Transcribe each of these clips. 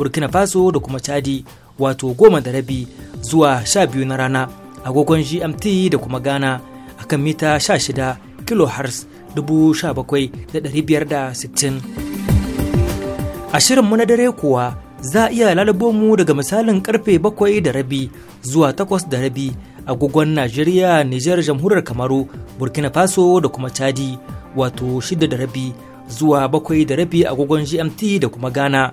burkina faso da kuma chadi wato goma da rabi zuwa sha biyu na rana agogon gmt da kuma ghana a kan mita sha sha shida dubu bakwai dari biyar da sittin. a shirinmu na dare kuwa za a iya lalabo mu daga misalin karfe bakwai da rabi zuwa takwas da rabi agogon najeriya nijar jamhuriyar kamaru burkina faso da kuma chadi wato shida da rabi zuwa bakwai da rabi agogon gmt da kuma ghana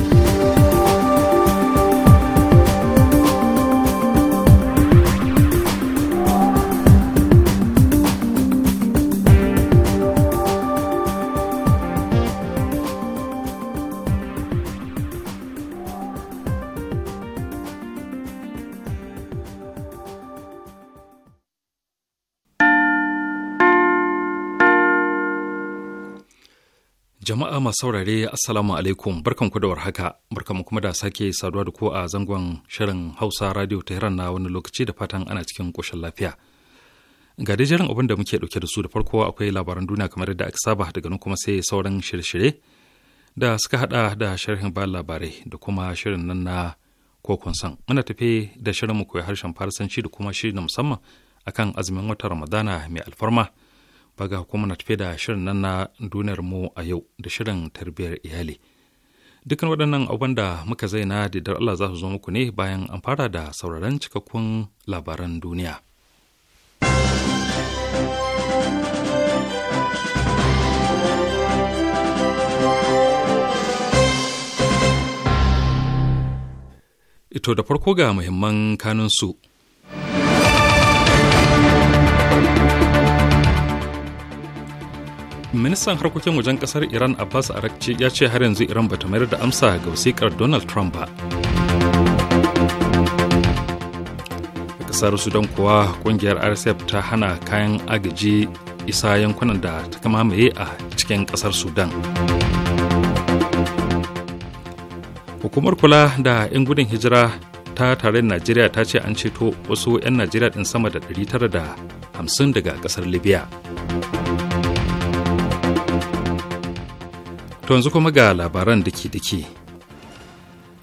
Jama'a masu saurare Assalamu alaikum barkanku da warhaka barkanku kuma da sake saduwa da ku a zangon shirin Hausa Radio Tehran na wani lokaci da fatan ana cikin koshin lafiya. Ga dai jiran abin da muke dauke da su da farko akwai labaran duniya kamar yadda aka saba daga nan kuma sai sauran shirye-shirye da suka hada da sharhin ba labarai da kuma shirin nan na kokon san. Muna tafe da shirin mu koyi harshen Farsanci da kuma shiri na musamman akan azumin watan Ramadana mai alfarma. baga kuma na tafi da shirin nan na duniyar mu a yau da shirin tarbiyyar iyali dukkan waɗannan abubuwan da muka zaina da Allah za su zo muku ne bayan an fara da sauraron cikakkun labaran duniya ito da farko ga muhimman kanunsu su ministan harkokin wajen kasar iran abbas arakci ya ce har yanzu iran bata mayar da amsa ga wasikar donald trump ba a kasar sudan kuwa kungiyar rsf ta hana kayan agaji isa yankunan da ta mamaye a cikin kasar sudan hukumar kula da 'yan gudun hijira ta tarayyar najeriya ta ce an ceto wasu 'yan najeriya din sama da 950 daga kasar libya To yanzu kuma ga labaran da ke dake.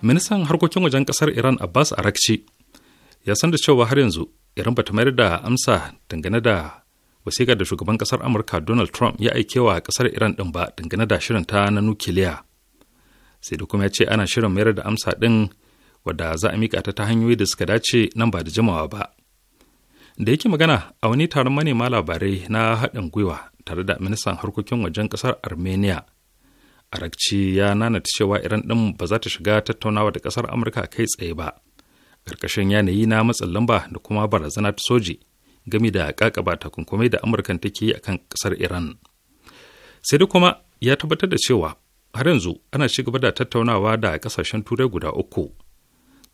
Ministan harkokin wajen kasar Iran Abbas Arakci ya san da cewa har yanzu Iran bata mayar da amsa dangane da wasiƙar da shugaban kasar Amurka Donald Trump ya aike wa kasar Iran din ba dangane da shirin ta na nukiliya. Sai da kuma ya ce ana shirin mayar da amsa din wadda za a mika ta ta hanyoyi da suka dace nan ba da jimawa ba. Da yake magana a wani taron manema labarai na haɗin gwiwa tare da ministan harkokin wajen kasar Armenia arakci ya nanata cewa iran ɗin ba za ta shiga tattaunawa da ƙasar amurka kai tsaye ba ƙarƙashin yanayi na matsin lamba da kuma barazana ta soji gami da ƙaƙaba takunkumi da amurkan take yi akan ƙasar iran sai dai kuma ya tabbatar da cewa har yanzu ana ci gaba da tattaunawa da ƙasashen turai guda uku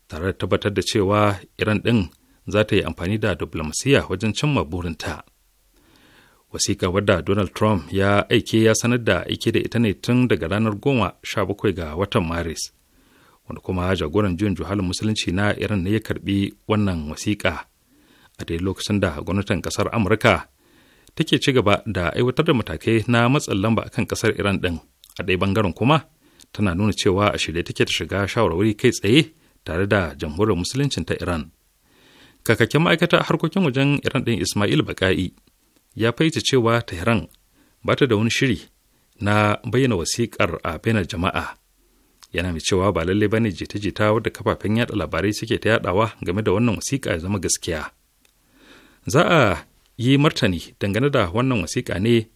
tare da tabbatar da cewa iran ɗin za ta yi amfani da diplomasiya wajen cimma burinta. wasiƙa wadda donald trump ya aike ya sanar da aike da ita ne tun daga ranar goma sha bakwai ga watan maris wanda kuma jagoran juyin juhalin musulunci na iran ne ya karbi wannan wasiƙa a dai lokacin da gwamnatin ƙasar amurka take ci gaba da aiwatar da matakai na matsin lamba akan ƙasar iran ɗin a ɗaya bangaren kuma tana nuna cewa a shirye take ta shiga shawarwari kai tsaye tare da jamhuriyar musuluncin ta iran kakakken ma'aikatar harkokin wajen iran ɗin ismail baka'i ya faice cewa Tehran ba ta da wani shiri na bayyana wasiƙar a bainar jama'a. Yana mai cewa ba lalle ba ne jita-jita wadda kafafen yada labarai suke ta yadawa game da wannan wasiƙa ya zama gaskiya. Za a yi martani dangane da wannan wasiƙa ne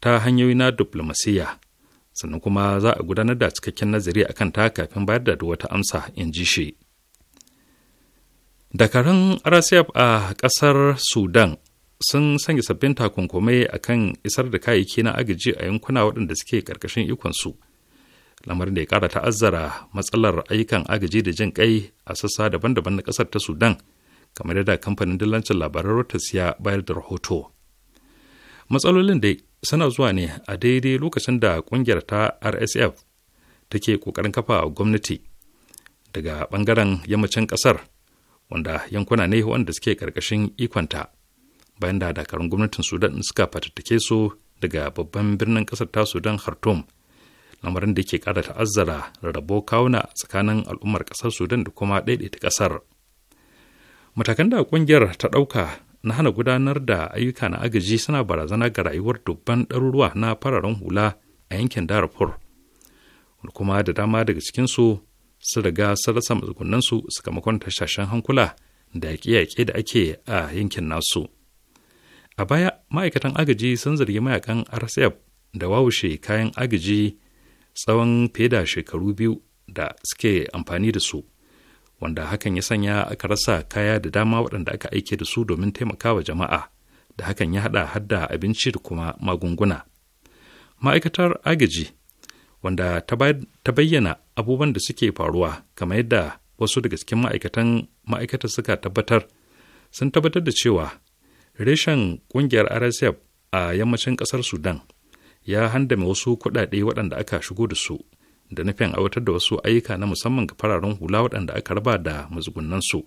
ta hanyoyi na diplomasiyya sannan kuma za a gudanar da cikakken nazari akan ta kafin bayar da wata amsa in ji shi. Dakarun RSF a ƙasar Sudan sun sanya sabbin takunkumai a kan isar da kayayyaki na agaji a yankuna waɗanda suke ƙarƙashin ikonsu lamarin da ya ƙara ta'azzara matsalar ayyukan agaji da jin ƙai a sassa daban-daban na ƙasar ta sudan kamar yadda kamfanin dillancin labaran Reuters ya bayar da rahoto. Matsalolin dai suna zuwa ne a daidai lokacin da ƙungiyar ta RSF take ƙoƙarin kafa gwamnati daga ɓangaren yammacin ƙasar wanda yankuna ne wanda suke karkashin ikonta. bayan da dakarun gwamnatin sudan suka fatattake su daga babban birnin ƙasar ta sudan khartoum lamarin da ke kara ta'azzara rarrabo kawuna tsakanin al'ummar kasar sudan da kuma ɗaiɗaita kasar. matakan da ƙungiyar ta ɗauka na hana gudanar da ayyuka na agaji suna barazana ga rayuwar dubban ɗaruruwa na fararen hula a yankin darfur kuma da dama daga cikinsu su riga sun rasa matsugunansu sakamakon tashashen hankula da yaƙe-yaƙe da ake a yankin nasu. a baya ma'aikatan agaji sun zargi mayakan rsf da wawushe kayan agaji tsawon fiye da shekaru biyu da suke amfani da su wanda hakan ya sanya aka rasa kaya da dama waɗanda aka aike da su domin taimakawa jama'a da hakan ya haɗa hadda abinci da kuma magunguna ma'aikatar agaji wanda ta bayyana abubuwan da suke faruwa kamar yadda wasu daga cikin ma'aikatan ma'aikatar suka tabbatar sun tabbatar da cewa reshen ƙungiyar rsf a yammacin ƙasar sudan ya handame wasu kuɗaɗe waɗanda aka shigo da su da nufin aiwatar da wasu ayyuka na musamman ga fararen hula waɗanda aka raba da su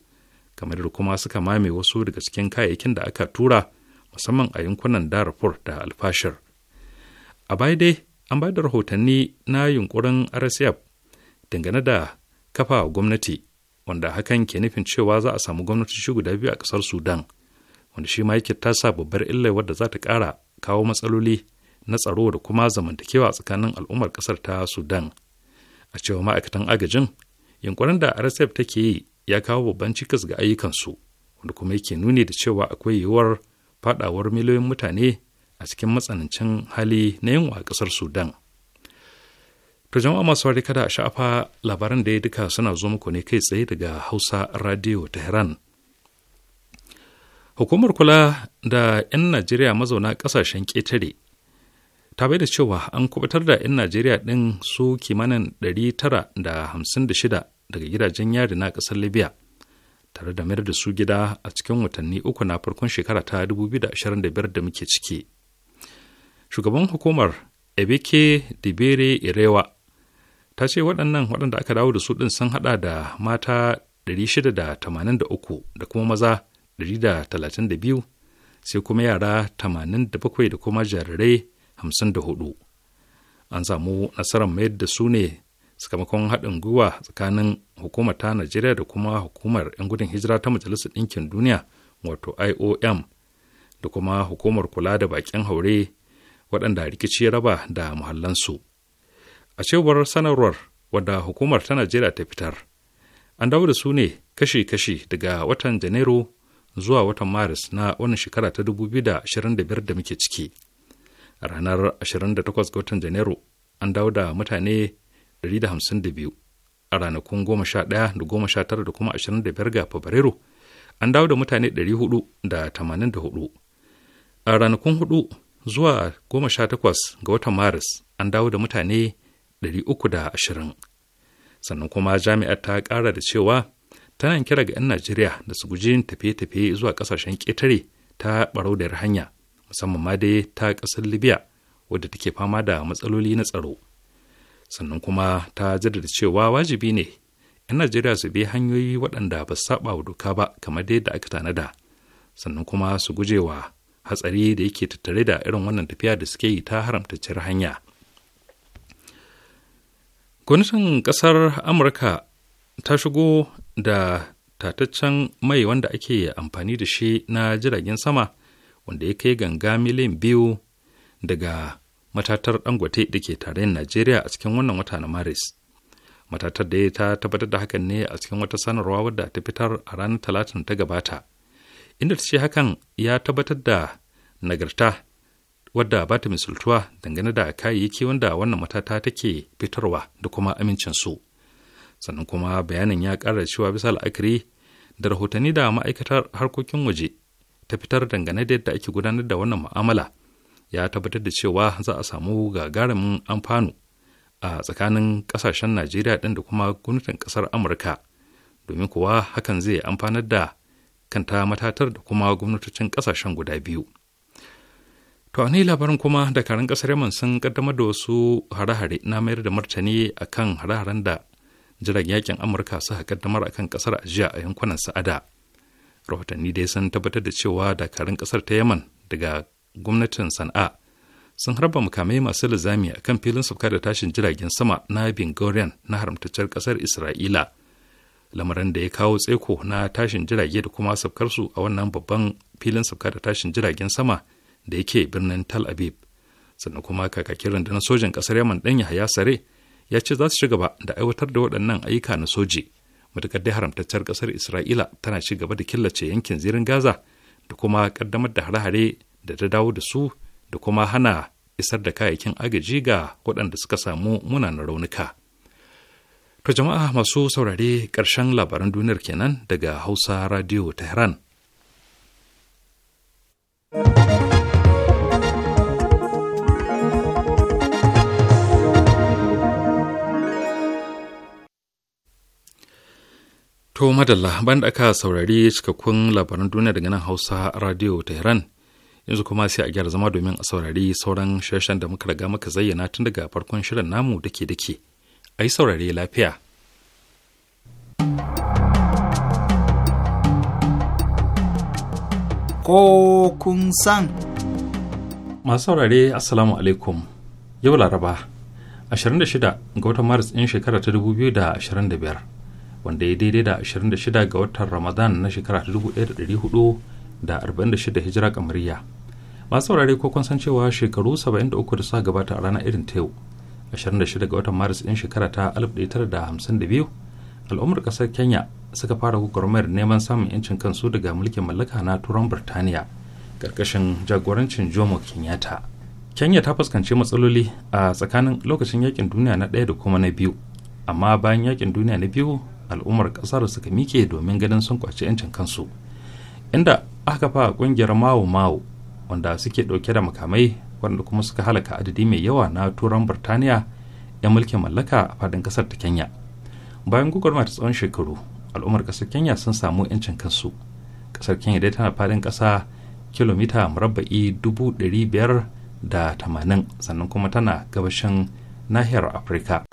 kamar da kuma suka mame wasu daga cikin kayayyakin da aka tura musamman a yankunan darfur da alfashir a baya dai an bayar da rahotanni na yunkurin rsf dangane da kafa gwamnati wanda hakan ke nufin cewa za a samu gwamnati shi guda biyu a ƙasar sudan wanda shi ma yake tasa babbar illa wadda za ta ƙara kawo matsaloli na tsaro da kuma zamantakewa tsakanin al'ummar ƙasar ta sudan a cewa ma'aikatan agajin yunkurin da rsf take yi ya kawo babban cikas ga ayyukansu wanda kuma yake nuni da cewa akwai yiwuwar fadawar miliyoyin mutane a cikin matsanancin hali na yunwa a ƙasar sudan To jama'a masu kada a sha'afa labaran da ya duka suna zo muku ne kai tsaye daga Hausa Radio Tehran Hukumar kula da 'yan Najeriya mazauna ƙasashen ƙetare ta bai da cewa an kubutar da 'yan Najeriya ɗin su kimanin 956 daga gidajen yari na ƙasar Libya tare da mayar da su gida a cikin watanni uku na farkon shekara ta 2025 da muke ciki. Shugaban hukumar Ebeke Dibere Irewa ta ce waɗannan waɗanda aka dawo da su ɗin sun haɗa da mata 683 da kuma maza 132 sai kuma yara 87 da kuma jarirai 54 an samu nasarar mayar da su ne sakamakon haɗin gwiwa tsakanin hukumar ta najeriya da kuma hukumar 'yan gudun hijira ta majalisar ɗinkin duniya wato iom da kuma hukumar kula da baƙin haure waɗanda rikici raba da muhallansu a cewar sanarwar wadda hukumar ta najeriya ta fitar an dawo da su ne kashi-kashi daga watan janairu zuwa watan maris na wannan shekara ta 2025 da muke ciki ranar 28 ga watan janairu an dawo da mutane 152 a ranakun 11 da 19 da kuma 25 ga fabrairu an dawo da mutane 484 a ranakun 4 zuwa 18 ga watan maris an dawo da mutane 320 sannan kuma jami'ar ta kara da cewa tana yin kira ga 'yan najeriya da su guji tafiye-tafiye zuwa kasashen ƙetare ta baraudar hanya musamman ma dai ta ƙasar libya wadda take fama da matsaloli na tsaro sannan kuma ta jaddada cewa wajibi ne 'yan najeriya su bi hanyoyi waɗanda ba su saba wa doka ba kamar dai da aka tanada sannan kuma su gujewa hatsari da yake tattare da irin wannan tafiya da suke yi ta haramtacciyar hanya gwamnatin ƙasar amurka ta shigo da tataccen mai wanda ake amfani da shi na jiragen sama wanda ya kai ganga miliyan biyu daga matatar dangote da ke tarayyar najeriya a cikin wannan wata na maris matatar da ya ta tabbatar da hakan ne a cikin wata sanarwa wadda ta fitar a ranar talatin ta gabata inda ta ce hakan ya tabbatar da nagarta wadda ba ta misaltuwa dangane da kayayyaki wanda wannan matata take fitarwa da kuma amincin su. sannan kuma bayanin ya ƙara cewa bisa la'akari da rahotanni da ma'aikatar harkokin waje ta fitar dangane da yadda ake gudanar da wannan mu'amala ya tabbatar da cewa za a samu gagarumin amfanu a tsakanin ƙasashen najeriya ɗin da kuma gwamnatin ƙasar amurka domin kuwa hakan zai amfanar da kanta matatar da kuma gwamnatocin ƙasashen guda biyu To a labarin kuma dakarun ƙasar Yaman sun kaddamar da wasu hare-hare na mayar da martani a kan hare-haren da jiragen yakin amurka su suka kaddamar akan kasar ajiya a yankunan sa'ada rahotanni dai sun tabbatar da cewa dakarun ƙasar ta yaman daga gwamnatin sana'a sun harba mukamai masu lizami a kan filin sauka da tashin jiragen sama na bingorian na haramtaccen kasar isra'ila lamarin da ya kawo tseko na tashin jirage da kuma saukarsu a wannan babban filin sauka da tashin jiragen sama da yake birnin tal abib sannan kuma kakakin rundunar sojan kasar yaman ɗan yahaya sare ya ce za su ci gaba da aiwatar da waɗannan ayyuka na soji matuƙar dai haramtaccen ƙasar isra'ila tana ci gaba da killace yankin zirin gaza da kuma ƙaddamar da hare-hare da ta dawo da su da kuma hana isar da kayayyakin agaji ga waɗanda suka samu munanan raunuka to jama'a masu saurare ƙarshen labaran duniyar kenan daga hausa radio tehran To madalla ban da aka saurari cikakkun labaran duniya daga nan Hausa Radio Tehran yanzu kuma sai a gyara zama domin a saurari sauran shirshen da muka riga muka zayyana tun daga farkon shirin namu dake dake. A yi saurari lafiya. Ko kun san. Masu saurare Assalamu alaikum. Yau Laraba, 26 ga watan Maris ɗin shekara ta 2025. wanda ya daidai da 26 ga watan ramadan na shekara 1446 hijira kamariya masu saurare ko kun san cewa shekaru 73 da suka gabata a ranar irin ta yau 26 ga watan maris 'din shekara ta 1952 al'ummar ƙasar kenya suka fara gwagwarmayar neman samun 'yancin kansu daga mulkin mallaka na turan birtaniya karkashin jagorancin jomo kenyatta kenya ta fuskanci matsaloli a tsakanin lokacin yakin duniya na ɗaya da kuma na biyu amma bayan yakin duniya na biyu al'ummar kasar suka mike domin ganin sun kwaci 'yancin kansu inda aka fa kungiyar mawo mawo wanda suke dauke da makamai wanda kuma suka halaka adadi mai yawa na turan birtaniya 'yan mulkin mallaka a fadin kasar ta kenya bayan gugurma ta tsawon shekaru al'ummar kasar kenya sun samu 'yancin kansu kasar kenya dai tana fadin kasa kilomita murabba'i tamanin sannan kuma tana gabashin nahiyar afirka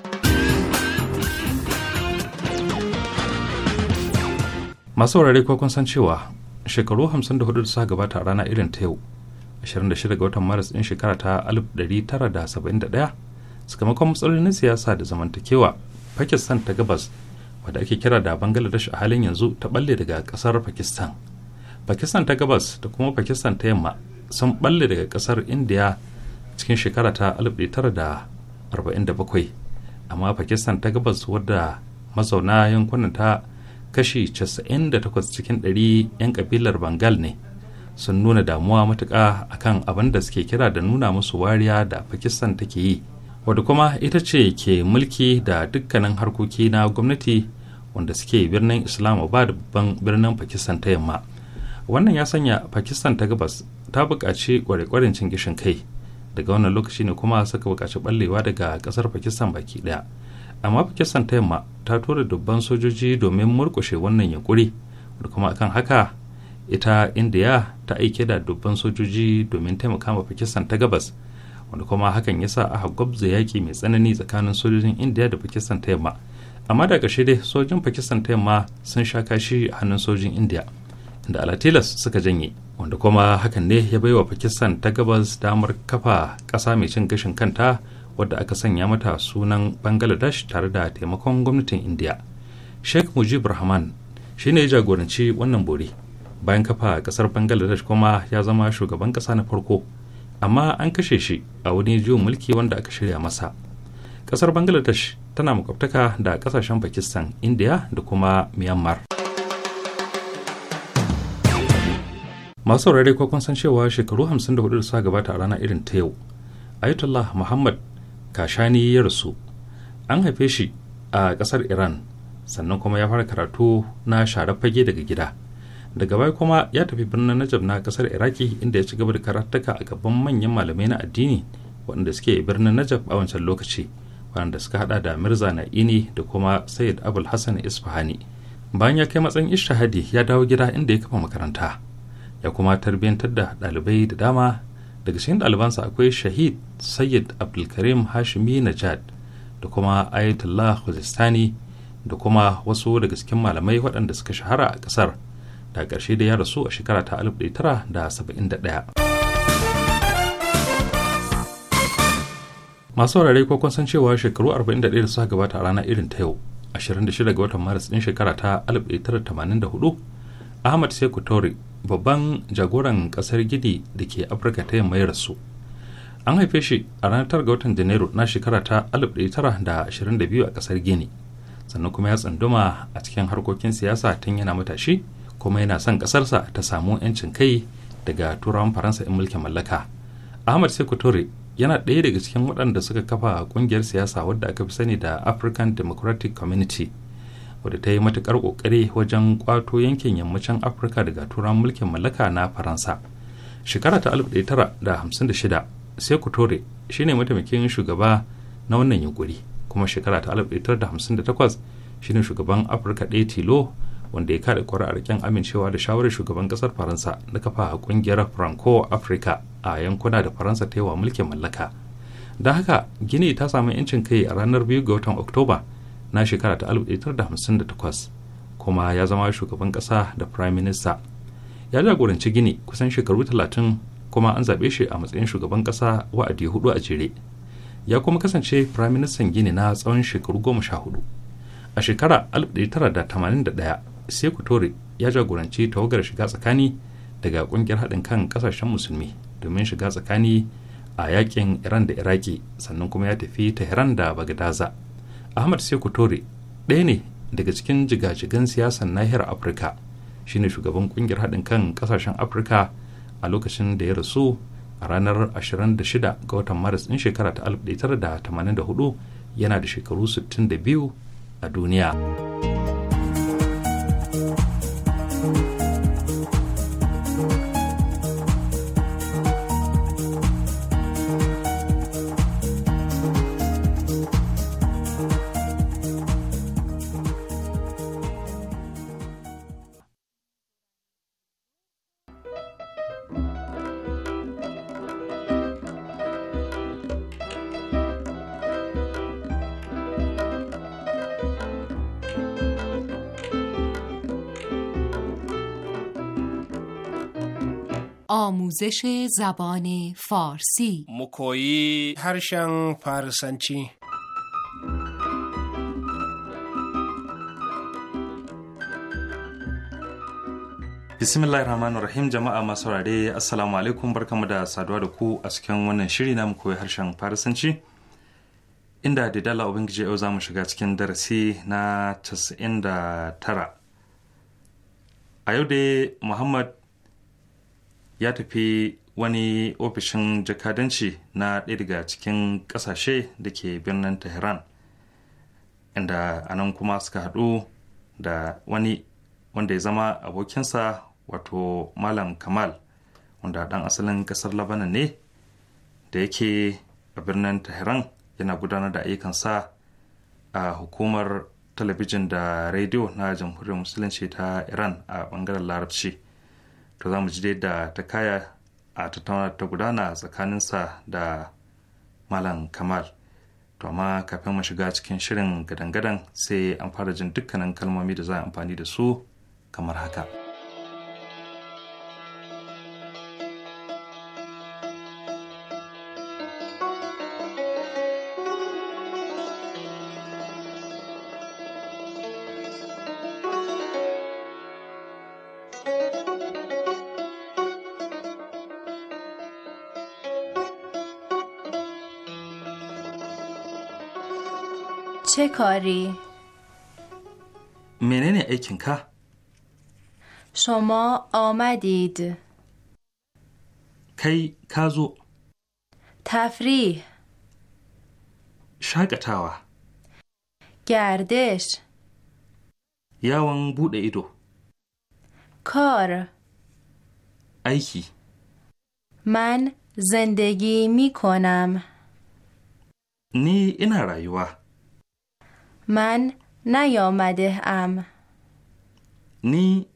masu wurare ko kun san cewa shekaru 54 da suka gabata a rana irin ta yau 26 ga watan maris din shekara ta 1971 sakamakon matsalolin siyasa da zamantakewa pakistan ta gabas wadda ake kira da bangladesh a halin yanzu ta balle daga kasar pakistan pakistan ta gabas da kuma pakistan ta yamma sun balle daga kasar india cikin shekara ta 1947 amma pakistan ta gabas wadda mazauna yankunan ta kashi casa'in da 98 cikin 100 'yan kabilar bangal ne sun nuna damuwa matuƙa akan abin da suke kira da nuna musu wariya da pakistan take yi wadda kuma ita ce ke mulki da dukkanin harkoki na gwamnati wanda suke birnin islamabad babban birnin pakistan ta yamma wannan ya sanya pakistan ta gabas ta buƙaci kwarekwaren cin gishin kai daga wannan lokaci ne kuma suka buƙaci ɓallewa daga ƙasar pakistan baki ɗaya amma pakistan ta yamma ta tura dubban sojoji domin murkushe wannan yankuri da kuma akan haka ita indiya ta aike da dubban sojoji domin taimaka ma pakistan ta gabas wanda kuma hakan ya sa aka gwabza yaki mai tsanani tsakanin sojojin indiya da pakistan ta yamma amma da ƙarshe dai sojin pakistan ta yamma sun sha kashi a hannun sojin indiya da alatilas suka janye wanda kuma hakan ne ya baiwa pakistan ta gabas damar kafa ƙasa mai cin gashin kanta wadda aka sanya mata sunan bangladesh tare da taimakon gwamnatin india sheikh mujib rahman shine ya jagoranci wannan bori bayan kafa kasar bangladesh kuma ya zama shugaban kasa na farko amma an kashe shi a wani juyin mulki wanda aka shirya masa kasar bangladesh tana makwabtaka da kasashen pakistan india da kuma myanmar masu saurari ko kun san cewa shekaru 54 da suka gabata a rana irin ta yau ayatollah muhammad kashani ya rasu an haife shi a kasar iran sannan kuma ya fara karatu na share fage daga gida daga baya kuma ya tafi birnin najab na kasar iraki inda ya ci gaba da karataka a gaban manyan malamai na addini waɗanda suke birnin najab a wancan lokaci waɗanda suka hada da mirza na'ini da kuma sayyid abul hassan isfahani bayan ya kai matsayin ishtahadi ya dawo gida inda ya kafa makaranta ya kuma tarbiyyantar da ɗalibai da dama daga cikin ɗalibansa akwai shahid sayyid abdulkarim hashimi najad da kuma ayatollah khuzistani da kuma wasu daga cikin malamai waɗanda suka shahara a kasar da ƙarshe da ya rasu a shekara ta 1971 masu wurare ko kun san cewa shekaru 41 da suka gabata a rana irin ta yau 26 ga watan maris ɗin shekara ta 1984 ahmad seku tori babban jagoran kasar gidi da ke afirka ta yamma ya rasu an haife shi a ranar tara ga watan janairu na shekara ta 1922 a kasar gini sannan kuma ya tsanduma a cikin harkokin siyasa tun yana matashi kuma yana son kasarsa ta samu 'yancin kai daga turawan faransa in mulkin mallaka ahmad seku tori yana ɗaya daga cikin waɗanda suka kafa ƙungiyar siyasa wadda aka fi sani da african democratic community wadda ta yi matukar ƙoƙari wajen ƙwato yankin yammacin afirka daga turan mulkin mallaka na faransa shekara ta 1956 sai kutore shine mataimakin shugaba na wannan yunkuri kuma shekara ta 1958 shine shugaban afirka ɗaya tilo wanda ya kada kuri'ar kyan amincewa da shawarar shugaban ƙasar faransa na kafa ƙungiyar franco africa a yankuna da faransa ta yi wa mulkin mallaka da haka gini ta samu 'yancin kai a ranar 2 ga watan oktoba na shekara ta 1958 kuma ya zama shugaban kasa da prime minister ya jagoranci gini kusan shekaru 30 kuma an zaɓe shi a matsayin shugaban ƙasa wa'adi hudu a jere ya kuma kasance prime minister gini na tsawon shekaru 14 a shekara 1981 sai kutore ya jagoranci tawagar shiga tsakani daga kungiyar haɗin kan ƙasashen musulmi domin shiga tsakani a yakin iran da iraki sannan kuma ya tafi tehran da bagdaza ahmad sekou toure ɗaya ne daga cikin jigajigan siyasan nahiyar afirka ne shugaban kungiyar haɗin kan ƙasashen afirka a lokacin da ya rasu a ranar 26 ga watan maris ɗin shekara ta 1984 yana da shekaru 62 a duniya. آموزش زبان فارسی مکویی هرشن فارسنچی bismillahir rahmanir rahim jama'a masu saurare asalamu alaikum barkamu da saduwa da ku a cikin wannan shiri na koyi harshen farisanci inda da dala ubangiji yau za mu shiga cikin darasi na da tara a yau dai muhammad ya tafi wani ofishin jakadanci na ɗaya daga cikin ƙasashe da ke birnin tehran inda anan kuma suka haɗu da wani wanda ya zama abokinsa wato malam kamal wanda ɗan asalin ƙasar labanan ne da yake a birnin tehran yana gudanar da ayyukansa a hukumar talabijin da rediyo na jamhuriyar musulunci ta iran a ɓangaren larabci to za mu ji da ta kaya a tattauna ta gudana tsakaninsa da malam kamal to amma kafin mu shiga cikin shirin gadan-gadan sai an fara jin dukkanin kalmomi da za a amfani da su kamar haka. کاری؟ منن ایکن که؟ شما آمدید کی کازو تفریح تاوا گردش یاوان بوده ایدو کار ایکی من زندگی می کنم نی اینا رایوه من نیامده ام نی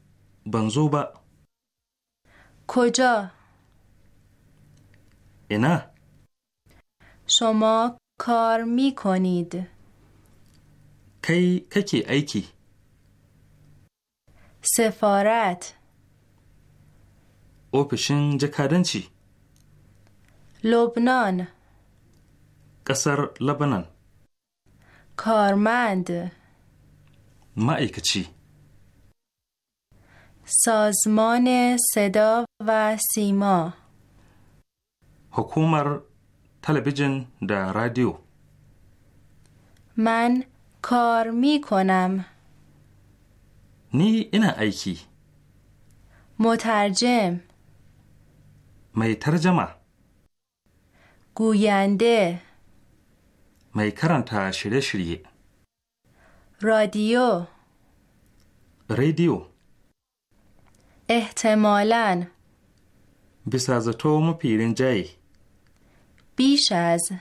بنزوبا کجا اینا شما کار می کنید کی ککی ایکی سفارت جکارن چی؟ لبنان قصر لبنان کارمند چی سازمان صدا و سیما حکومر تلویزیون در رادیو من کار می کنم نی اینا ایکی مترجم می ترجمه گوینده mai karanta shirye-shirye رادیو رادیو احتمالاً بیش از تو مپیرین جای بیش از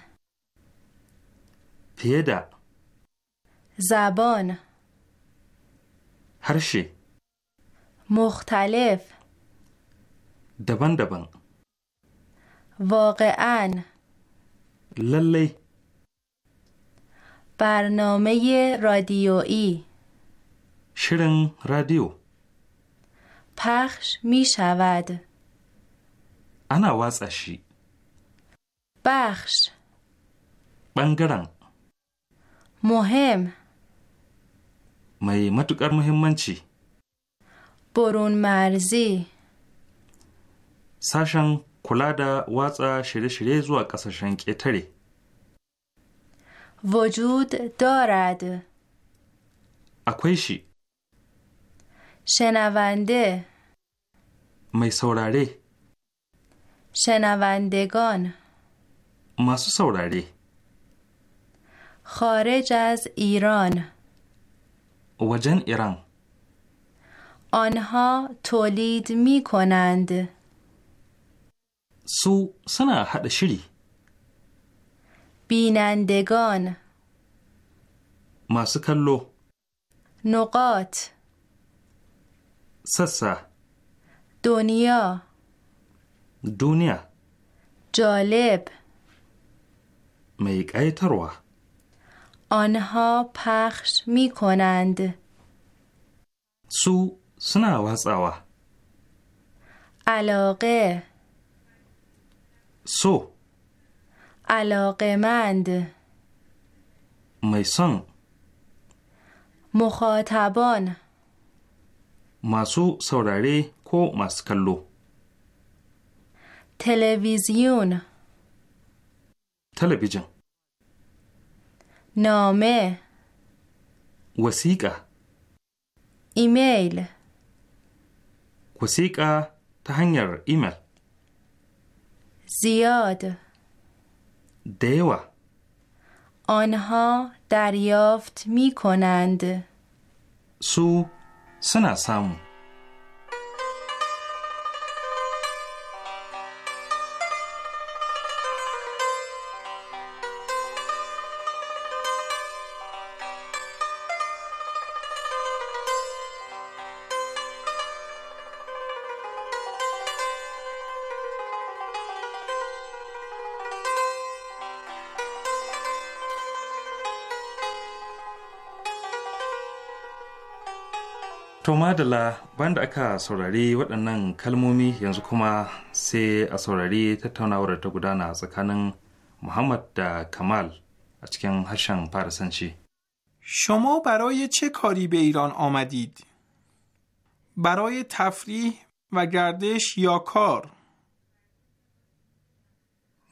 پیدا زبان هرشی مختلف دبن دبن واقعا للی برنامه رادیویی شرن رادیو پخش می شود انا وزشی بخش بنگرن مهم mai matuƙar muhimmanci. Borun marzi Sashen kula da watsa shirye-shirye zuwa ƙasashen ƙetare. وجود دارد اکویشی شنونده می شنوندگان ماسو خارج از ایران وجن ایران آنها تولید می کنند سو سنا حد شری بینندگان ماسو کلو نقاط سسا دنیا دنیا جالب میک آنها پخش می کنند سو سنا علاقه سو علاقمند میسن مخاطبان ماسو سوراری کو ماسکلو تلویزیون تلویزیون نامه وسیقه ایمیل وسیقه تهنگر ایمیل زیاد da آنها دریافت می کنند سو سنا madala banda aka saurari waɗannan kalmomi yanzu kuma sai a saurari tattaunawar ta gudana tsakanin muhammad da kamal a cikin harshen farisanci شما برای چه کاری به ایران آمدید؟ برای تفریح و گردش یا کار؟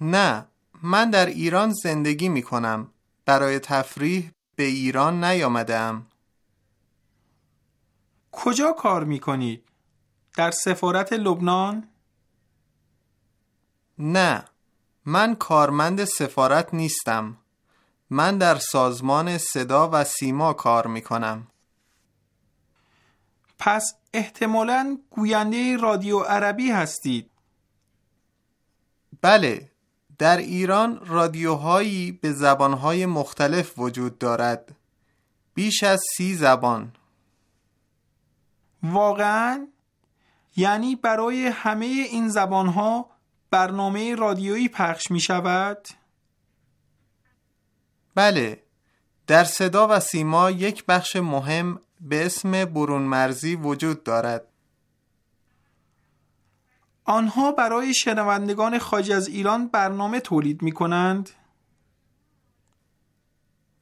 نه، من در ایران زندگی می کنم. برای تفریح به ایران نیامدم. کجا کار می کنید؟ در سفارت لبنان؟ نه من کارمند سفارت نیستم من در سازمان صدا و سیما کار می کنم پس احتمالا گوینده رادیو عربی هستید بله در ایران رادیوهایی به زبانهای مختلف وجود دارد بیش از سی زبان واقعا یعنی برای همه این ها برنامه رادیویی پخش می شود؟ بله در صدا و سیما یک بخش مهم به اسم برون مرزی وجود دارد آنها برای شنوندگان خارج از ایران برنامه تولید می کنند؟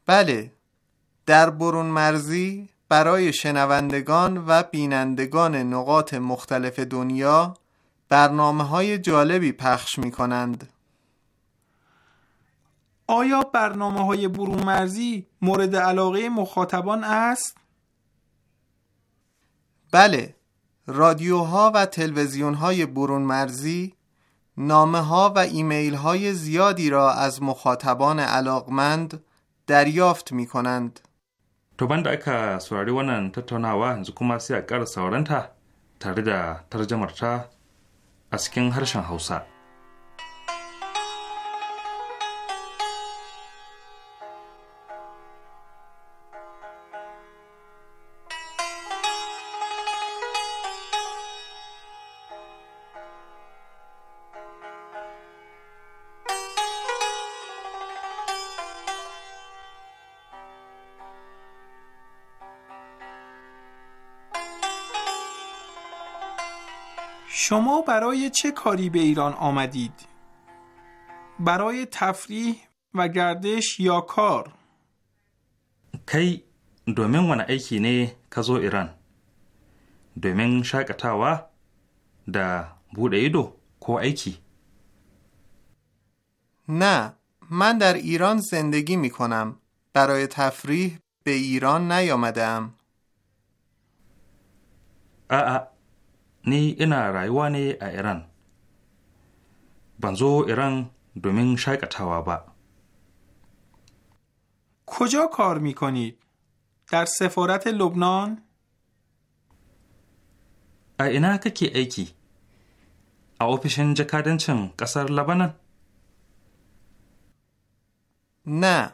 بله در برون مرزی برای شنوندگان و بینندگان نقاط مختلف دنیا برنامه های جالبی پخش می کنند. آیا برنامه های برومرزی مورد علاقه مخاطبان است؟ بله، رادیوها و تلویزیون های برون مرزی نامه ها و ایمیل های زیادی را از مخاطبان علاقمند دریافت می کنند. To da aka saurari wannan tattaunawa yanzu kuma sai a ƙara sauranta tare da tarjamarta a cikin harshen Hausa. شما برای چه کاری به ایران آمدید؟ برای تفریح و گردش یا کار؟ کی دومین وانا ایکی نه کزو ایران دومین شاکتاوا دا بود ایدو کو ایکی نه من در ایران زندگی می کنم برای تفریح به ایران نیامدم. آه نی اینا rayuwa نه ا ایران ban ایران domin shakatawa ba. کجا کار می کنید؟ در سفارت لبنان؟ اینا ککی ایکی پیشن ofishin چن؟ قصر لبنان؟ نه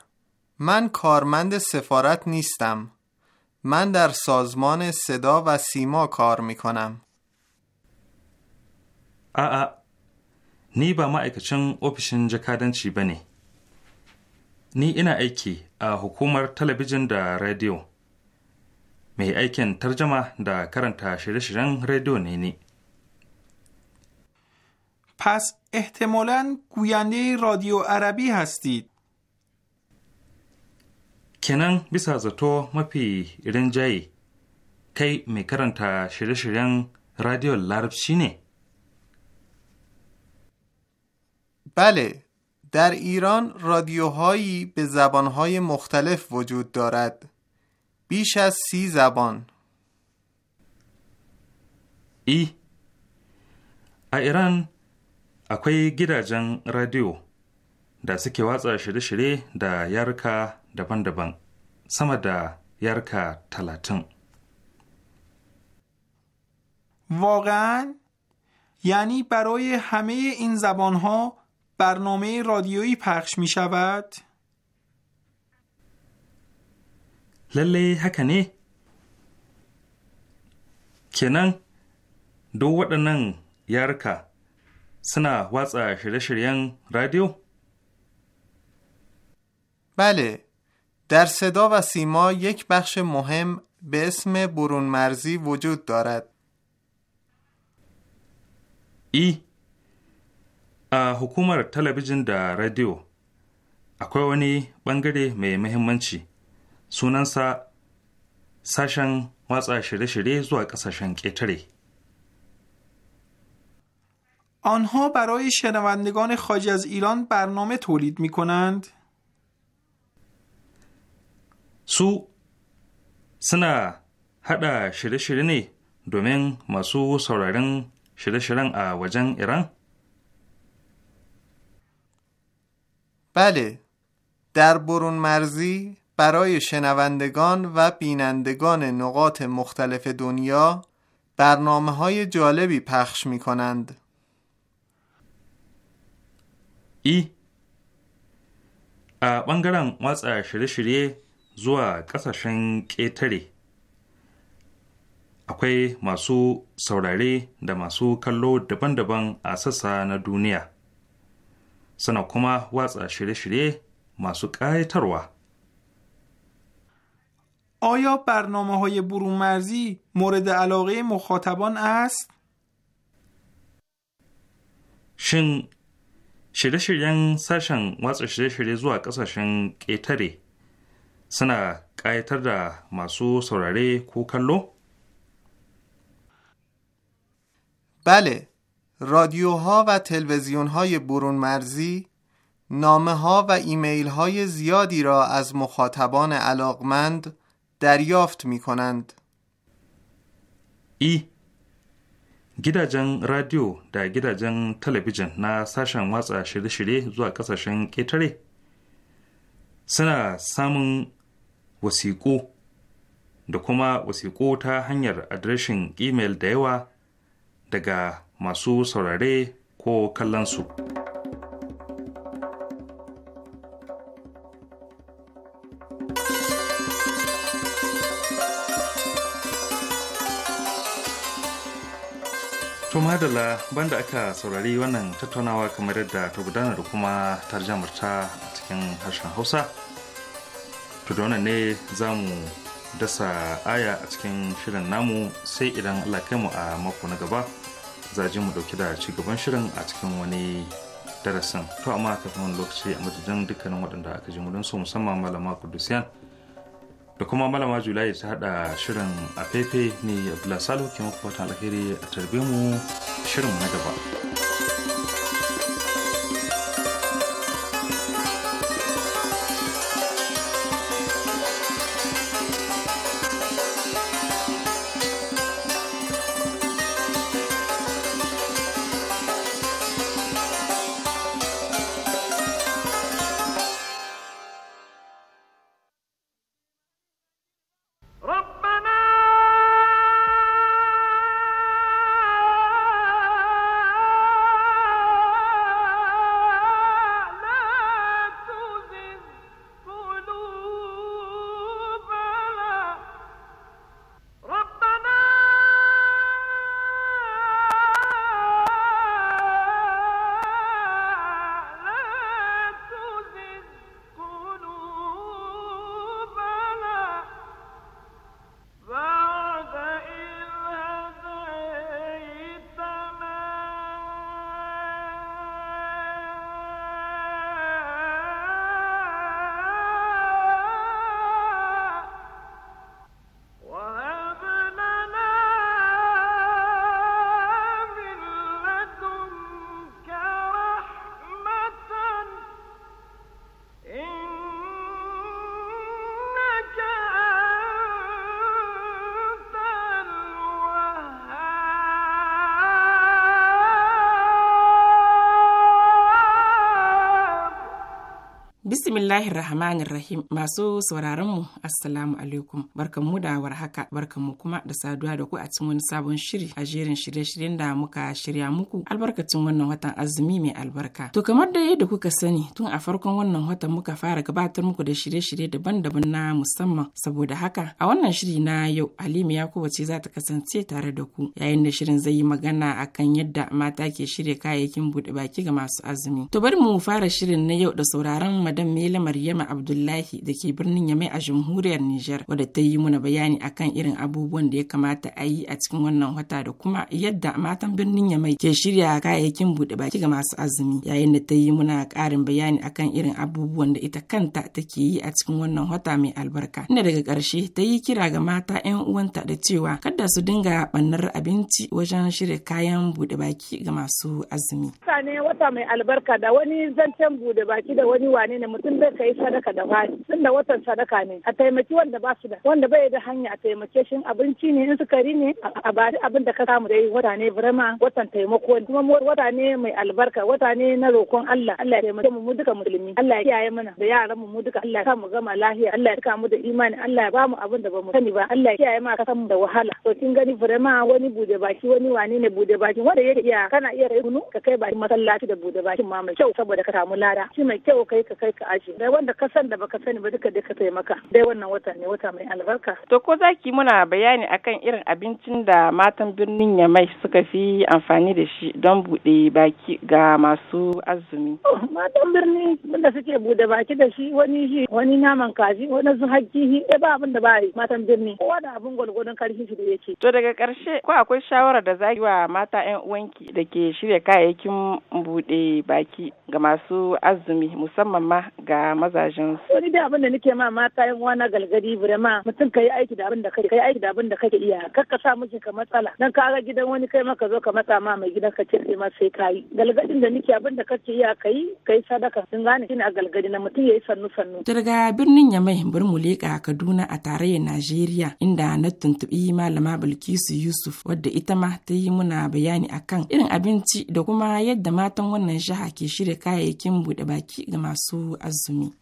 من کارمند سفارت نیستم من در سازمان صدا و سیما کار می کنم A'a, ni ba ma’aikacin ofishin jakadanci ba ne. Ni ina aiki a hukumar talabijin da rediyo. Mai aikin tarjama da karanta shirye-shiryen rediyo ne ni. Pas ehtimolan guyane radio arabi hastid. Kenan bisa zato mafi rinjaye, kai mai karanta shirye-shiryen rediyon larabci ne? بله در ایران رادیوهایی به زبانهای مختلف وجود دارد بیش از سی زبان ای ایران اکوی گیراجن رادیو da suke watsa shirye-shirye da yarka daban-daban sama da yarka talatin. واقعا یعنی برای همه این زبان ها برنامه رادیویی پخش می شود؟ لله هکنه کنن دو ودنن یارکا سنا واتسا شirye شریان رادیو؟ بله در صدا و سیما یک بخش مهم به اسم برون مرزی وجود دارد ای a hukumar talabijin da radiyo akwai wani bangare mai muhimmanci sunansa sashen watsa shirye-shirye zuwa kasashen ƙetare. آنها برای شنوندگان خارج از ایران برنامه تولید می کنند؟ سو سنا هدا شده شده نی دومین ماسو سرارن شده شدن آوجن ایران؟ بله در برون مرزی برای شنوندگان و بینندگان نقاط مختلف دنیا برنامه های جالبی پخش می کنند. ای بانگران ɓangaren شده شده زوا zuwa ƙasashen ƙetare اکوی ماسو saurare da masu kallo daban-daban a suna kuma watsa shirye-shirye masu ƙayatarwa. آیا برنامه های برومرزی مورد علاقه مخاطبان است؟ شن شده شدن سرشن واسه شده شده زوه کسا شن که سنا که دا ماسو سراره کو کلو؟ بله رادیوها و تلویزیون های برون مرزی نامه ها و ایمیل های زیادی را از مخاطبان علاقمند دریافت می کنند ای رادیو دا گیداجن جنگ تلویزیون نا ساشن واسا شده شده زوا کساشن کتره سنا سامن وسیقو دکوما وسیقو تا هنگر ادرشن ایمیل دیوا دگا masu saurare ko kallon su. To banda aka saurari wannan tattaunawa kamar yadda ta gudana da kuma tarjamar ta a cikin harshen Hausa. To da wannan ne za mu dasa aya a cikin shirin namu sai idan Allah kai mu a mako na gaba za je mu dauki da ci gaban shirin a cikin wani darasin to amma kafin wani lokaci a madadin dukkanin waɗanda aka ji mudan su musamman malama kudusiyan da kuma malama julai ta hada shirin a ne abdullahi salo ke makwata alheri a tarbe mu shirin na gaba. Bismillahir Rahmanir Rahim masu sauraron mu Assalamu alaikum barkanmu da warhaka barkanmu kuma da saduwa da ku a cikin wani sabon shiri a jerin shirye-shiryen da muka shirya muku albarkacin wannan watan azumi mai albarka. To kamar da yadda kuka sani tun a farkon wannan watan muka fara gabatar muku da shirye-shirye daban-daban na musamman saboda haka a wannan shiri na yau Halima Yakubu ce za ta kasance tare da ku yayin da shirin zai yi magana akan yadda mata ke shirya kayayyakin buɗe baki ga masu azumi. To bari mu fara shirin na yau da sauraron madam Ismaila Maryama Abdullahi da ke birnin Yamai a jamhuriyar Nijar wadda ta yi muna bayani akan irin abubuwan da ya kamata a yi a cikin wannan wata da kuma yadda matan birnin Yamai ke shirya kayayyakin buɗe baki ga masu azumi yayin da ta yi muna ƙarin bayani akan irin abubuwan da ita kanta take yi a cikin wannan wata mai albarka. ina daga karshe ta yi kira ga mata 'yan uwanta da cewa kada su dinga ɓannar abinci wajen shirya kayan buɗe baki ga masu azumi. Mutane wata mai albarka da wani zancen buɗe baki da wani wane ne in dai kai sadaka da tun da watan sadaka ne a taimaki wanda ba su da wanda bai da hanya a taimake shi abinci ne in sukari ne a bari abin da ka samu dai wata ne birama watan taimako ne kuma wata ne mai albarka wata ne na roƙon Allah Allah ya taimake mu duka musulmi Allah ya kiyaye mana da yaran mu duka Allah ya sa mu gama lafiya Allah ya saka mu da imani Allah ya ba mu abin da bamu sani ba Allah ya kiyaye ma kasan mu da wahala to kin gani birama wani bude baki wani wani ne bude baki wanda yake iya kana iya kai ka kai ba masallaci da bude bakin ma mai kyau saboda ka samu lada shi mai kyau kai ka kai ka aji dai wanda ka san da baka sani ba duka dai ka taimaka dai wannan wata ne wata mai albarka to ko zaki muna bayani akan irin abincin da matan birnin Yamai suka fi amfani da shi don bude baki ga masu azumi matan birni wanda suke bude baki da shi wani shi wani naman kaji wani su haƙƙi shi ba abin da ba yi matan birni kowa da abin gwalgwalon karfi shi da yake to daga karshe ko akwai shawara da zaki wa mata yan uwanki da ke shirya kayayyakin bude baki ga masu azumi musamman ma ga mazajen su. Wani da abin da nake ma mata yan na galgadi ma mutum ka yi aiki da abin da kake aiki da abin da kake iya kar ka sa ka matsala dan ka ga gidan wani kai maka zo ka matsa ma mai gidan ka ce sai ma sai ka galgadin da nake abin da kake iya kai kai sadaka sun gane shine a galgadi na mutum yayi sannu sannu. Daga birnin Yamai bari mu a Kaduna a tarayyar Najeriya inda na tuntubi malama Bilkisu Yusuf wadda ita ma ta yi muna bayani akan irin abinci da kuma yadda matan wannan jiha ke shirya kayayyakin buɗe baki ga masu azumi. Azumi.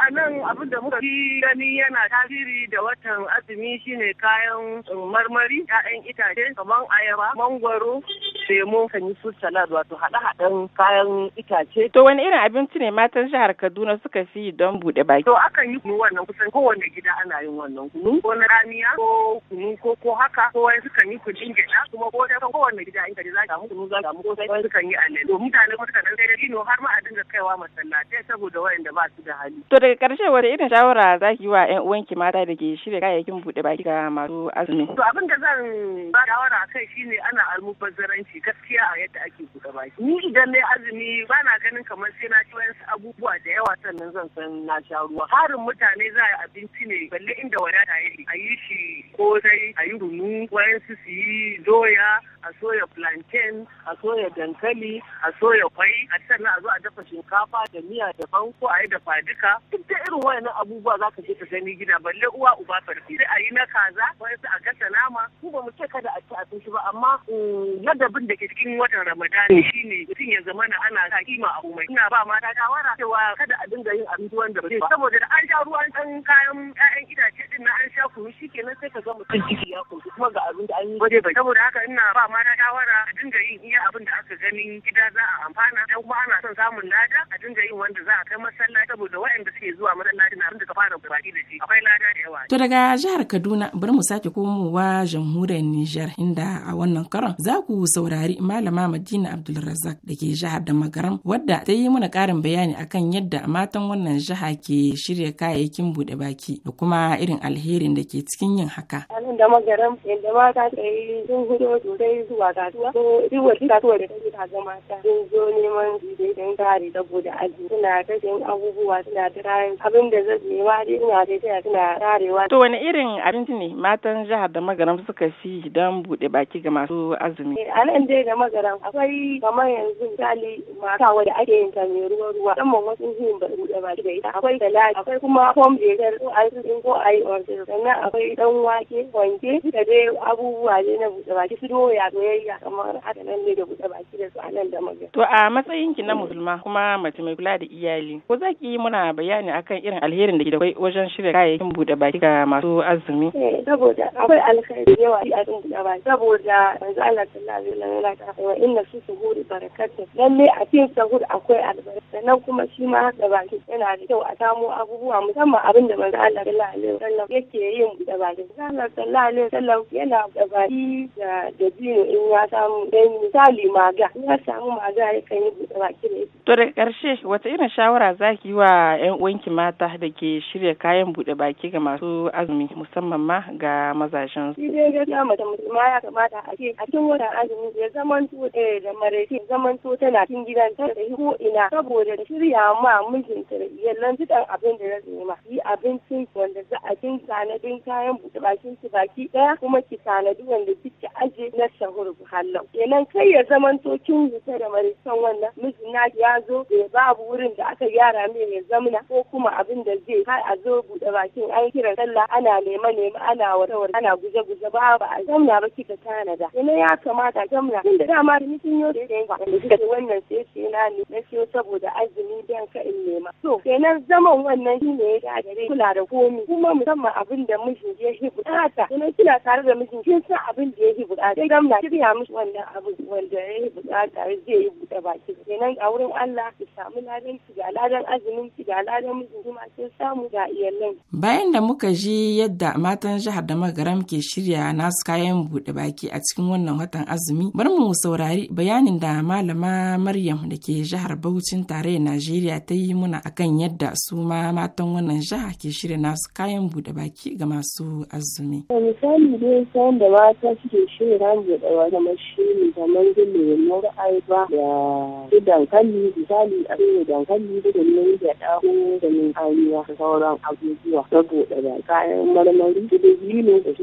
a nan abin da muka fi gani yana tasiri da watan azumi shine kayan marmari, 'ya'yan itace kamar ayaba, mangwaro, lemu. kan yi fruit salad wato haɗe-haɗen kayan itace. To wani irin abinci ne matan jihar Kaduna suka fi don buɗe baki? To akan yi kunu wannan kusan kowane gida ana yin wannan kunu ko na ramiya ko kunu ko ko haka ko wani sukan yi kudin gyaɗa kuma ko kan kowane gida in ka ji za ka mu kunu za ka mu ko sai wani sukan yi alele. To mutane ko suka ɗan sai da dino har ma a dinga kaiwa masallatai saboda waɗanda ba su da hali. To da daga karshe wata ita shawara za ki yi wa 'yan uwanki mata da ke shirya kayayyakin buɗe baki ga masu azumi. To abin da zan ba shawara kai shine ana almubazzaranci gaskiya a yadda ake buɗe baki. Ni idan na azumi ba na ganin kamar sai na ci wasu abubuwa da yawa sannan zan san na sha ruwa. Harin mutane za a abinci ne balle inda wadata yi a yi shi ko sai a yi runu wayansu su yi doya a soya plantain a soya dankali a soya kwai a sannan a zo a dafa shinkafa da miya daban ko a yi dafa duka duk irin wayannan abubuwa za ka je ka gani gida balle uwa uba farfi da ayi na kaza wani su a gasa nama ku ba mu ce kada a ci abinci ba amma mm, ladabin da ke cikin watan ramadani shine mutum ya zama na ana sa kima a umai ina ba mata shawara cewa kada a dinga yin abinci wanda ba saboda da an sha ruwan kan kayan ƴaƴan itace din na an sha kunu shikenan sai ka ga mutum ciki ya kunshi kuma ga abinda an yi waje bai saboda haka ina ba mata shawara a dinga yin iya abin da aka gani gida za a amfana dan kuma ana son samun lada a dinga yin wanda za a kai masallaci saboda waɗanda suke ke zuwa masallaci na da ka fara baki da shi akwai lada da yawa to daga jihar Kaduna bari mu sake komowa jamhuriyar Nijar inda a wannan karon za ku saurari malama Madina Abdulrazak da ke jihar da Magaram wadda ta yi mana karin bayani akan yadda matan wannan jiha ke shirya kayayyakin buɗe baki da kuma irin alherin da ke cikin yin haka da magaram yadda mata ta yi sun hudo sosai zuwa kasuwa ko duk wata kasuwa da take ta ga mata sun zo neman daidaiton kare saboda aji suna kashin abubuwa suna tara abin da zai nema dai ina dai tana tana rarewa. To wani irin abinci ne matan jihar da magaram suka fi don buɗe baki ga masu azumi? Eh, a nan dai da magaram akwai kamar yanzu misali mata wadda ake yin ta mai ruwa ruwa musamman wasu yin ba buɗe baki da ita akwai salati akwai kuma fom bekar ko a yi ko a yi order sannan akwai dan wake wanke da dai abubuwa ne na buɗe baki su doya doyayya kamar haka nan ne da buɗe baki da su a nan da magaram. To a matsayin ki na musulma kuma mace mai kula da iyali ko zaki muna bayani ne akan irin alherin da ke da kai wajen shirya kayayyakin buɗe baki ga masu azumi. Eh, saboda akwai alkhairi yawa a cikin buɗe baki saboda yanzu Allah sallallahu alaihi wasallam yana ta wa inna su suhuri barakatu lalle a cikin sahur akwai albarka sannan kuma shi ma haka baki yana da kyau a samu abubuwa musamman abin da manzo Allah sallallahu alaihi wasallam yake yin buɗe baki. Allah sallallahu alaihi wasallam yana buɗe baki da dabino in ya samu dan misali maga in ya samu maga yakan yi buɗe baki da ita. To da ƙarshe wata irin shawara za ki yi wa 'yan uwan bankin mata da ke shirya kayan buɗe baki ga masu azumi musamman ma ga mazajen su. Idan gaskiya mace musulma ya kamata a ce a cikin wata azumi ya zaman to eh, da maraice zaman to tana cikin gidan ta da ko ina saboda shirya ma mijinta da iyalan su dan abin da ya nema yi abincin wanda za a cin sanadin kayan buɗe bakin su baki ɗaya kuma ki sanadi wanda kike aje na shahur buhallau. Kenan kai ya zaman to kin wuta da maraicen wannan mijin ya zo babu wurin da aka gyara mai ya zamna ko kuma abin da zai har a zo buɗe bakin an kira sallah ana nema nema ana warware ana guje guje ba ba a zamna ba kika da yana ya kamata zamna tunda dama ni kin yo da yayin wanda kika ce wannan sai ce na ne na siyo saboda azumi dan ka in nema to kenan zaman wannan shi ne ya dare kula da komi kuma musamman abin da mijin ya shi bukata kenan kina tare da mijin kin san abin da ya shi bukata sai zamna shirya mishi wannan abin wanda ya yi bukata zai yi buɗe baki kenan a wurin Allah ki samu ladan ki ga ladan azumin ki ga ladan samu samu ga iyalan. Bayan da muka ji yadda matan jihar da magaram ke shirya nasu kayan buɗe baki a cikin wannan watan azumi bar mu saurari bayanin da malama Maryam da ke jihar Bauchin tarayyar Najeriya ta yi muna akan yadda su ma matan wannan jiha ke shirya nasu kayan buɗe baki ga masu azumi. Misali dai san da mata suke shirya kayan buɗe baki kamar shi ne kamar gilin ra'ayi ba da dankali misali a dankali da nuna da da maganin kariya da sauran abubuwa saboda da kayan marmari da ne da su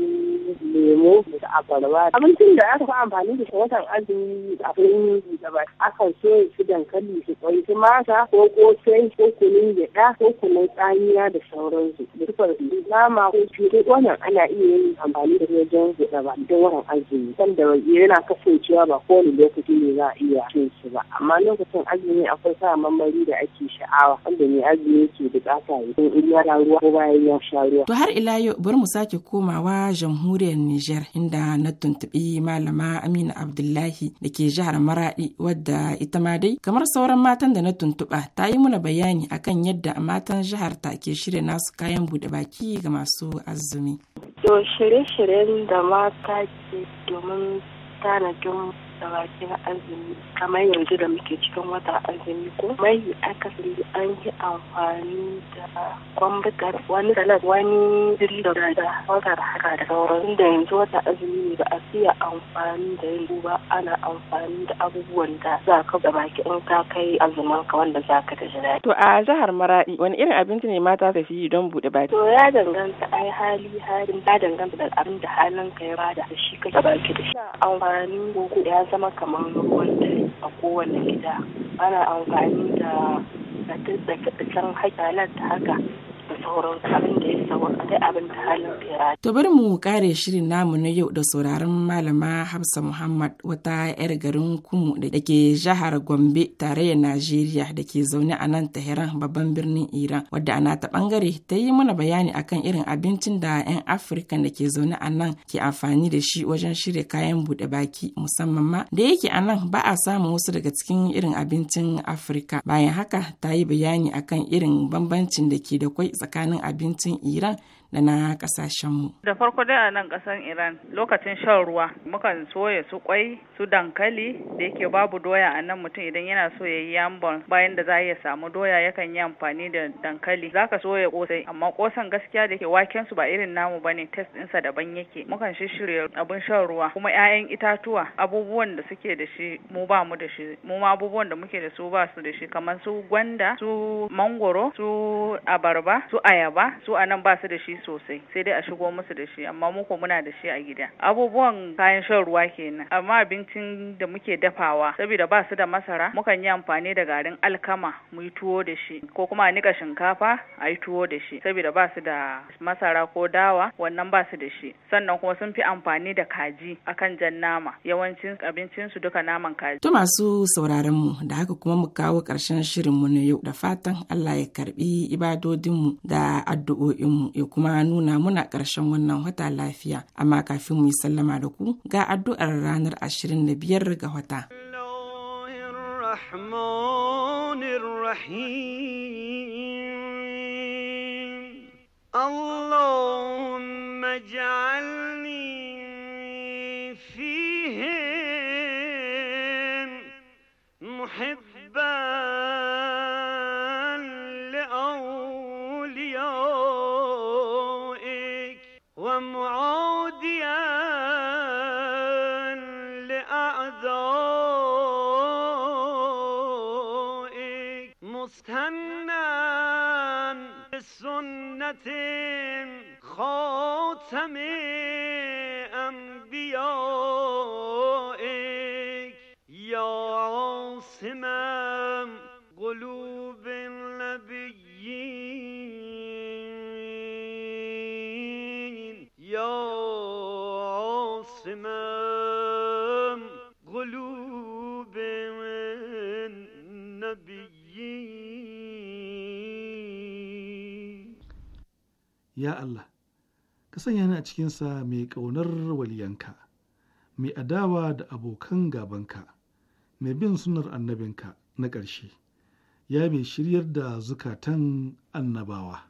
lemo da abarba abincin da aka fi amfani da shi watan azumi abin da ba akan so su dankali su kwai su masa ko kosai ko kunun gyaɗa ko kunun tsamiya da sauransu da sufar nama ko cuɗe wannan ana iya yin amfani da wajen da ba don wannan azumi sanda yana kasancewa ba kowane lokaci ne za a iya cin su ba amma lokacin azumi akwai sa marmari da ake sha'awa wanda mai azumi yake bukata in ya ruwa ko bayan ya sha ruwa. To har ila yau bari mu sake komawa jamhuriyar Nijar inda na tuntuɓi malama Amina Abdullahi da ke jihar maraɗi wadda ita ma dai kamar sauran matan da na tuntuɓa ta yi mana bayani akan yadda matan jihar ta ke shirya nasu kayan buɗe baki ga masu azumi. To shirye-shiryen da mata ke domin tanadin gabakin azumi kamar yanzu da muke cikin wata azumi ko mai akasari an yi amfani da kwambutar wani salat wani jiri da wata haka da sauran da yanzu wata azumi ne ba a siya amfani da yin ba ana amfani da abubuwan da za ka gabaki in ka kai azumin ka wanda za ka tashi daɗi. To a jihar Maradi wani irin abinci ne mata ta fi don buɗe baki? To ya danganta ai hali halin ya danganta da abin da halin ka ya bada da shi ka gabaki baki da shi. Amfani ko ya zama kamar ruwan dare a kowane gida ana amfani da tsakatsakatsakan hakalar ta haka sauran abin bari mu kare shirin namu na yau da sauraron malama Hafsa Muhammad wata 'yar garin Kumu da ke jihar Gombe tarayyar Najeriya da ke zaune a nan Tehran babban birnin Iran wadda ana ta bangare ta yi mana bayani akan irin abincin da 'yan Afirka da ke zaune a nan ke amfani da shi wajen shirya kayan buɗe baki musamman ma da yake a nan ba a samun wasu daga cikin irin abincin Afirka bayan haka ta yi bayani akan irin bambancin da ke da kwai tsakanin tsakanin abincin Iran da na kasashenmu. Da farko dai a nan kasan Iran lokacin shan ruwa mukan soya su kwai su dankali da yake babu doya a nan mutum idan yana so ya yi yambon bayan da za ya samu doya yakan yi amfani da dankali za ka soya kosai amma kosan gaskiya da ke waken su ba irin namu bane test ɗinsa daban yake mukan shirya abun shan ruwa kuma 'ya'yan itatuwa abubuwan da suke da shi mu ba mu da shi mu ma abubuwan da muke da su ba su da shi kamar su gwanda su mangoro su abarba su ayaba su anan ba su da shi sosai sai dai a shigo musu da shi amma mu muna da shi a gida abubuwan kayan shan ruwa kenan amma abincin da muke dafawa saboda ba su da masara mukan yi amfani da garin alkama mu yi tuwo da shi ko kuma a nika shinkafa a yi tuwo da shi saboda ba su da masara ko dawa wannan ba su da shi sannan kuma sun fi amfani da kaji akan jan nama yawancin abincinsu duka naman kaji to masu sauraron mu da haka kuma mu kawo karshen shirin mu na yau da fatan Allah ya karbi ibadodin mu da addu'o'in mu ya kuma kuma nuna muna ƙarshen wannan wata lafiya amma kafin mu yi sallama da ku ga addu'ar ranar 25 ga wata. اللهم اجعل مستنن به سنت خاتم sanya ni a cikinsa mai ƙaunar waliyanka, mai adawa da abokan gabanka, mai bin sunar annabinka na ƙarshe, ya mai shiryar da zukatan annabawa.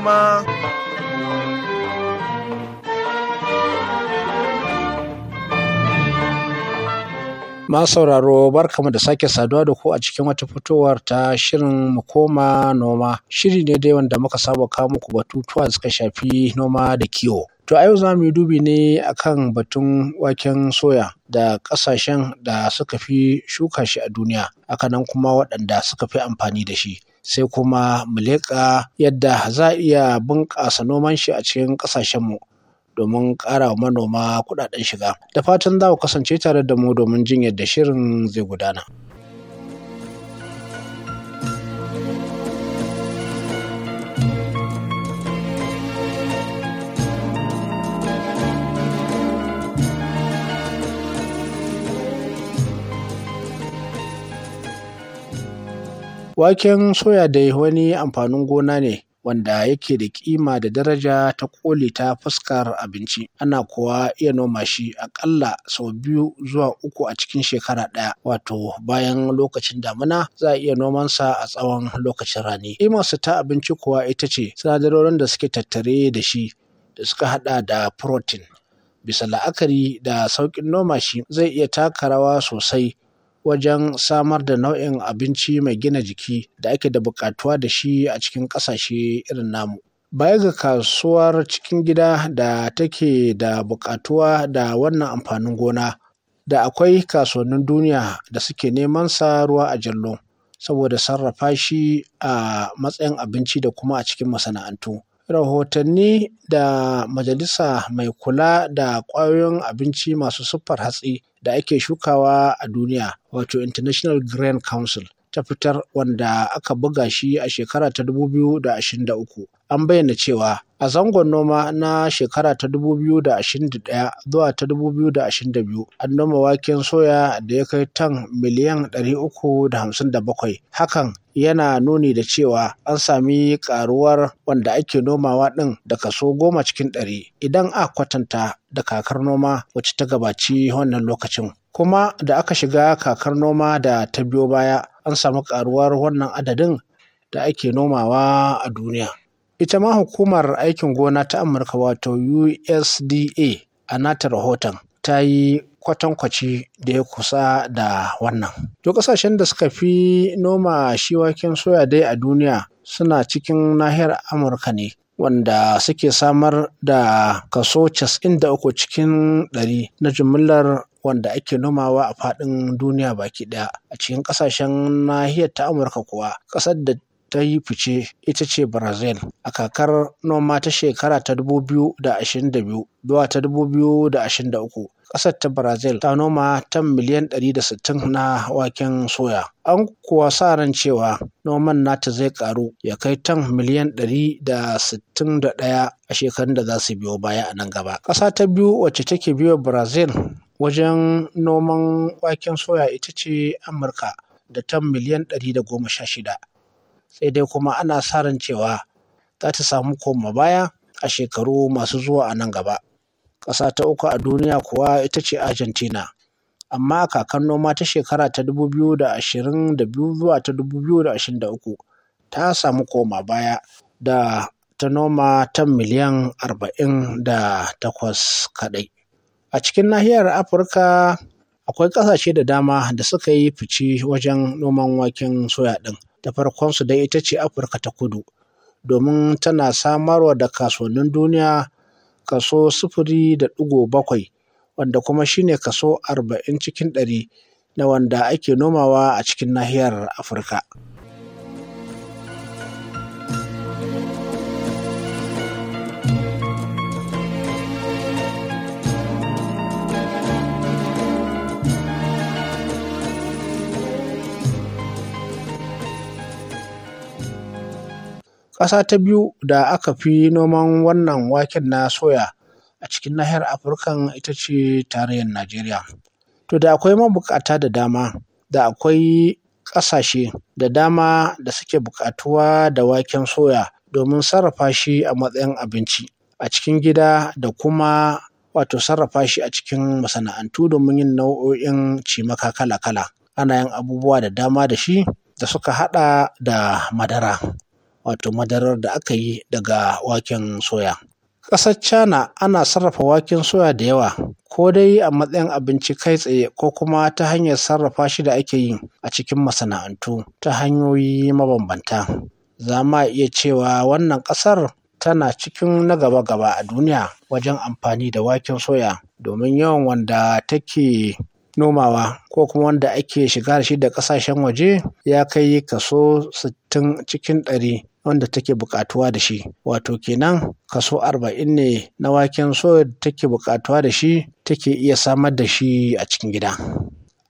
noma. Ma sauraro barkamu da sake saduwa da ku a cikin wata fitowar ta shirin mu koma noma. Shiri ne dai wanda muka saba kawo muku batutuwa da suka shafi noma da kiwo. To a yau za mu yi dubi ne akan batun waken soya da ƙasashen da suka fi shuka shi a duniya, nan kuma waɗanda suka fi amfani da shi. sai kuma mu leƙa yadda za a iya bunƙasa noman shi a cikin ƙasashenmu domin ƙara wa manoma kuɗaɗen shiga. Da fatan za ku kasance tare da mu domin jin yadda shirin zai gudana. Waken soya dai wani amfanin gona ne wanda yake da kima da daraja ta ƙoli ta fuskar abinci. Ana kuwa iya noma shi aƙalla sau biyu zuwa uku a cikin shekara ɗaya, wato bayan lokacin damina za a iya nomansa a tsawon lokacin rani. Ƙimarsa ta abinci kuwa ita ce sinadarorin da suke tattare da shi da suka haɗa da protein. Bisa la'akari da sauƙin noma shi zai iya taka rawa sosai wajen samar da nau'in abinci mai gina jiki da ake da bukatuwa da shi a cikin ƙasashe irin namu. Baya ga kasuwar cikin gida da take da buƙatuwa da wannan amfanin gona, da akwai kasuwannin duniya da suke neman sa ruwa a jallo saboda sarrafa shi a matsayin abinci da kuma a cikin masana'antu. Rahotanni da majalisa mai kula da ƙwayoyin abinci masu siffar hatsi da ake shukawa a duniya wato International Grain Council ta fitar wanda aka buga shi a shekara ta dubu biyu da da uku, An bayyana cewa A zangon noma na shekara ta 2021 zuwa ta 2022, an noma waken soya da ya kai tan miliyan 357. Hakan yana nuni da cewa an sami karuwar wanda ake nomawa ɗin da kaso goma cikin ɗari idan a kwatanta da kakar noma wacce ta gabaci wannan lokacin. Kuma da aka shiga kakar noma da ta biyo baya, an sami karuwar wannan adadin da ake nomawa a duniya. Ita ma hukumar aikin gona ta Amurka wato USDA a nata rahoton ta yi kwatankwaci da ya kusa da wannan. To ƙasashen da suka fi noma shiwaken soya dai a duniya suna cikin nahiyar Amurka ne. wanda suke samar da kaso 93 cikin 100 na jimillar wanda ake nomawa a faɗin duniya baki ɗaya a cikin ƙasashen nahiyar ta amurka kuwa ƙasar da ta yi fice ita ce Brazil a kakar noma ta shekara ta 2022 zuwa ta 2023. Ƙasar ta Brazil ta noma tan miliyan 160 na waken soya. An kuwa sa ran cewa noman nata zai ƙaru ya kai tan miliyan 161 a shekarun da za su biyo baya a nan gaba. Ƙasa ta biyu wacce take biyo Brazil wajen noman waken soya ita ce Amurka da tan miliyan 116. sai dai kuma ana sa ran cewa za ta samu koma baya a shekaru masu zuwa a nan gaba. Ƙasa ta uku a duniya kuwa ita ce Argentina. Amma kakan noma ta shekara ta 2022 zuwa ta 2023 ta samu koma baya da ta noma ta miliyan arba'in da takwas kaɗai. A cikin nahiyar Afirka akwai ƙasashe da dama da suka yi fice wajen noman waken soya ɗin. da farkonsu dai ita ce Afirka ta kudu, domin tana samarwa da kasuwannin duniya kaso sufuri da ɗigo bakwai, wanda kuma shine kaso arba'in cikin ɗari na wanda ake nomawa a cikin nahiyar Afirka. Ƙasa ta biyu da aka fi noman wannan waken na soya a cikin nahiyar Afirka ita ce tarayyar Najeriya. To da akwai mabuƙata da dama, da akwai ƙasashe da dama da suke buƙatuwa da waken soya domin sarrafa shi a matsayin abinci a cikin gida da kuma wato sarrafa shi a cikin masana'antu domin yin nau'o'in cimaka kala-kala. Ana yin abubuwa da dama da shi da suka haɗa da madara. wato madarar da aka yi daga waken soya. Ƙasar China ana sarrafa waken soya da yawa, ko dai a matsayin abinci kai tsaye ko kuma ta hanyar sarrafa shi da ake yi a cikin masana'antu ta hanyoyi mabambanta. Za ma iya cewa wannan ƙasar tana cikin na gaba-gaba a duniya wajen amfani da waken soya domin yawan wanda take nomawa ko kuma wanda ake shiga da shi da ƙasashen waje ya kai kaso 60 cikin ɗari wanda take bukatuwa da shi wato kenan kaso arba'in ne na waken soya da take buƙatuwa da shi take iya samar da shi a cikin gida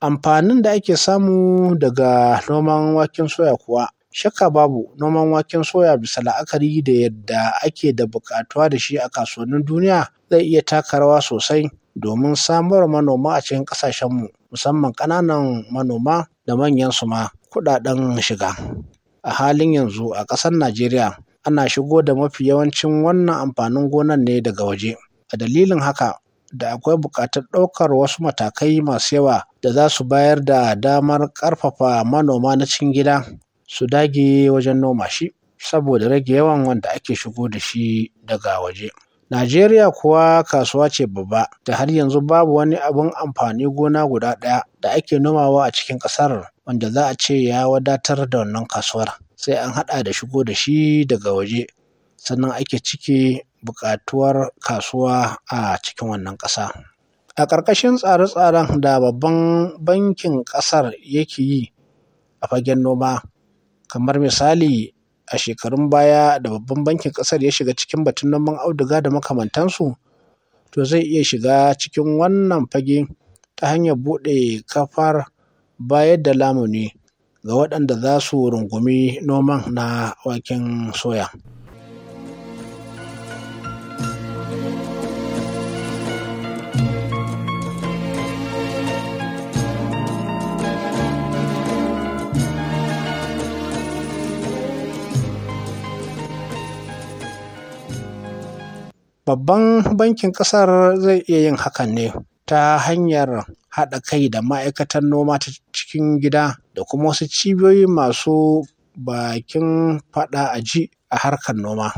amfanin da ake samu daga noman waken soya kuwa shakka babu noman waken soya bisa la'akari da yadda ake da buƙatuwa da shi a kasuwannin duniya zai iya taka rawa sosai domin samar manoma a cikin ƙasashenmu musamman ƙananan manoma da manyan su ma kuɗaɗen shiga a halin yanzu a ƙasar najeriya ana shigo da mafi yawancin wannan amfanin gonan ne daga waje a dalilin haka da akwai buƙatar ɗaukar wasu matakai masu yawa da za su bayar da damar ƙarfafa manoma na cikin gida su dage wajen noma shi saboda rage yawan wanda ake shigo da shi daga waje Najeriya kuwa kasuwa ce babba da har yanzu babu wani abin amfani gona guda ɗaya da ake nomawa a cikin ƙasar wanda za a ce ya wadatar da wannan kasuwar, sai an haɗa da shigo da shi daga waje sannan ake cike buƙatuwar kasuwa a cikin wannan ƙasa. A ƙarƙashin tsare-tsaren da Babban Bankin Ƙasar yake yi a fagen noma, kamar misali a shekarun baya da babban bankin ƙasar ya shiga cikin batun noman auduga da makamantansu to zai iya shiga cikin wannan fage ta hanyar buɗe kafar bayar da lamuni ga waɗanda za su rungumi noman na waken soya. Babban bankin ƙasar zai iya yin hakan ne ta hanyar haɗa kai da ma'aikatan noma ta cikin gida da kuma wasu cibiyoyi masu bakin faɗa a ji a harkar noma.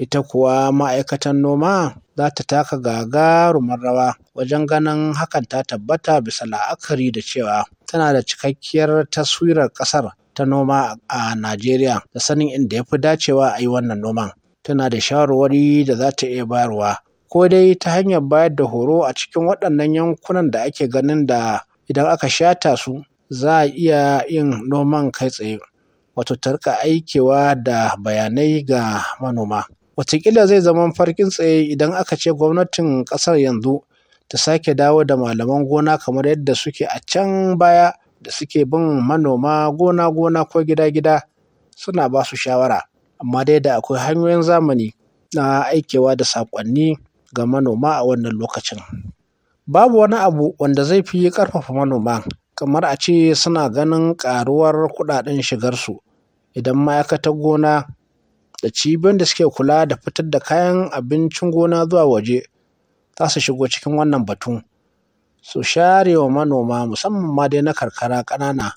Ita kuwa ma'aikatan noma za ta taka gagarumar rawa wajen ganin hakan ta tabbata bisa la'akari da cewa tana da cikakkiyar taswirar ƙasar ta noma a Najeriya da sanin inda ya fi dacewa a yi wannan noman. tana da shawarwari da za ta iya bayarwa ko dai ta hanyar bayar da horo a cikin waɗannan yankunan da ake ganin da idan aka shata su za a iya yin noman kai tsaye wato "tarka aikewa da bayanai ga manoma watakila zai zama farkin tsaye idan aka ce gwamnatin ƙasar yanzu ta sake dawo da malaman gona kamar yadda suke a can baya da suke bin manoma gona-gona ko gida-gida suna ba su shawara amma dai da akwai hanyoyin zamani na aikewa da saƙonni ga manoma a wannan lokacin. Babu wani abu wanda zai fi ƙarfafa manoma kamar a ce suna ganin ƙaruwar kuɗaɗen shigarsu idan ma'aikatar gona da cibiyoyin da suke kula da fitar da kayan abincin gona zuwa waje za su shigo cikin wannan batun. su share wa manoma musamman ma dai na karkara ƙanana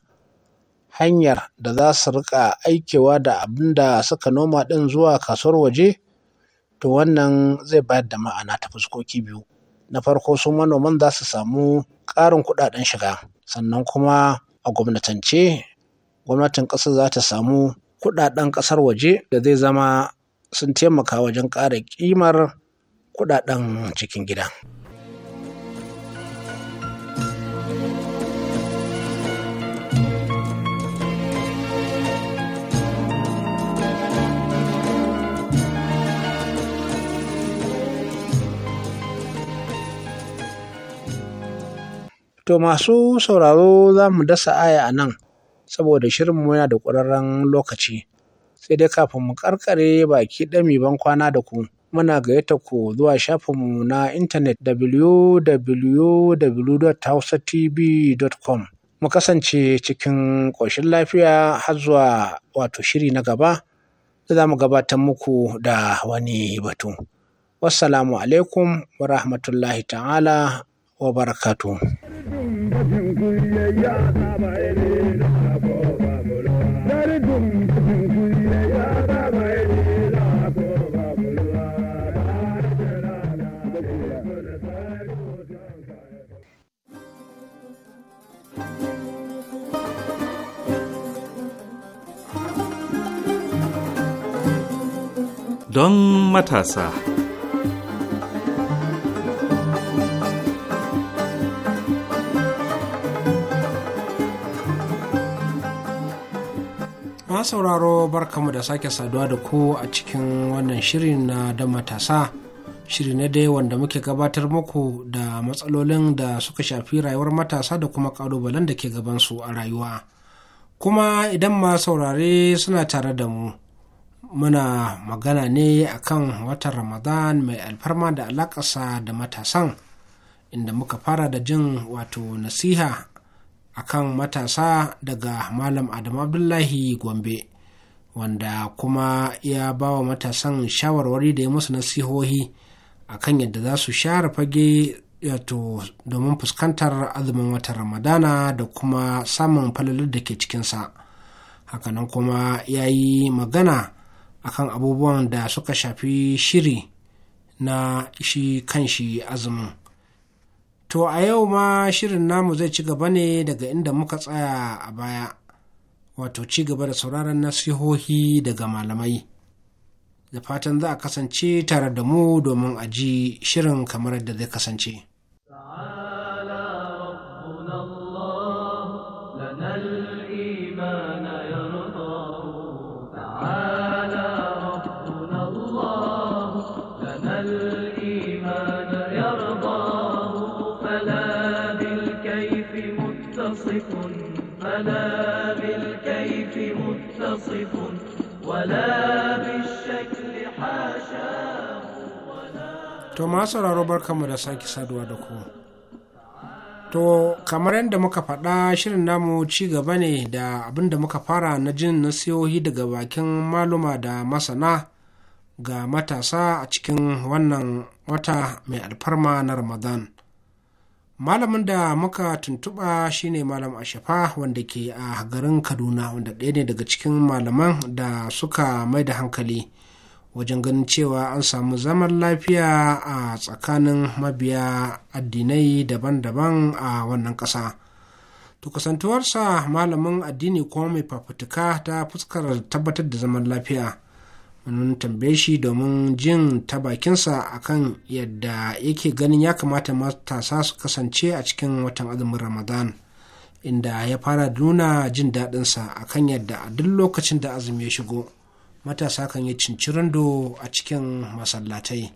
hanyar da za su riƙa aikewa da abin da suka noma ɗin zuwa kasuwar waje to wannan zai bayar da ma'ana ta fuskoki biyu na farko su manoman za su samu ƙarin kuɗaɗen shiga sannan kuma a gwamnatance gwamnatin ƙasar za ta samu kuɗaɗen ƙasar waje da zai zama sun taimaka wajen ƙara ƙimar kuɗaɗen cikin gida. To masu sauraro za mu dasa aya a nan, saboda shirinmu yana da ƙwararren lokaci. Sai dai kafin mu karkare baki ɗami ban kwana da ku, muna gayyata ku zuwa shafinmu na intanet www.hausatv.com. Mu kasance cikin ƙoshin lafiya har zuwa wato shiri na gaba, da za mu gabatar muku da wani batu. Wassalamu alaikum wa rahmatullahi ta'ala wa barakatuhu. Don matasa ma sauraro barkamu da sake saduwa da ku a cikin wannan shiri na da matasa shiri na dai wanda muke gabatar muku da matsalolin da suka shafi rayuwar matasa da kuma ƙalubalen da ke gabansu a rayuwa kuma idan ma saurare suna tare da mu muna magana ne akan watan ramadan mai alfarma da alakasa da matasan inda muka fara da jin wato nasiha akan matasa daga malam adam abdullahi gombe wanda kuma ya ba wa matasan shawarwari da ya musu nasihohi akan yadda za su share fage yato domin fuskantar azumin watan ramadana da kuma samun falalar da ke cikinsa hakanan kuma ya yi magana akan abubuwan da suka shafi shiri na shi kanshi azumin To a yau ma shirin namu zai ci gaba ne daga inda muka tsaya a baya, wato ci gaba da sauraron nasihohi daga malamai. Da fatan za a kasance tare da mu domin a ji shirin kamar yadda zai kasance. to ma sauraro barkanmu da sake saduwa da ku to kamar yadda muka faɗa shirin namu ci gaba ne da abin da muka fara na jin nasiyohi daga bakin maluma da masana ga matasa a cikin wannan wata mai alfarma na ramadan malamin da muka tuntuɓa shine malam ashafa wanda ke a garin kaduna wanda ɗaya ne daga cikin malaman da suka mai da hankali wajen ganin cewa an samu zaman lafiya a tsakanin mabiya addinai daban-daban a wannan ƙasa. To kasantuwarsa malamin addini ko mai fafutuka ta fuskar tabbatar da zaman lafiya. Mun tambaye shi domin jin ta bakinsa akan yadda yake ganin ya kamata matasa su kasance a cikin watan azumin Ramadan. inda ya fara nuna jin daɗinsa akan yadda a duk lokacin da azumi ya shigo matasa kan yi do a cikin masallatai.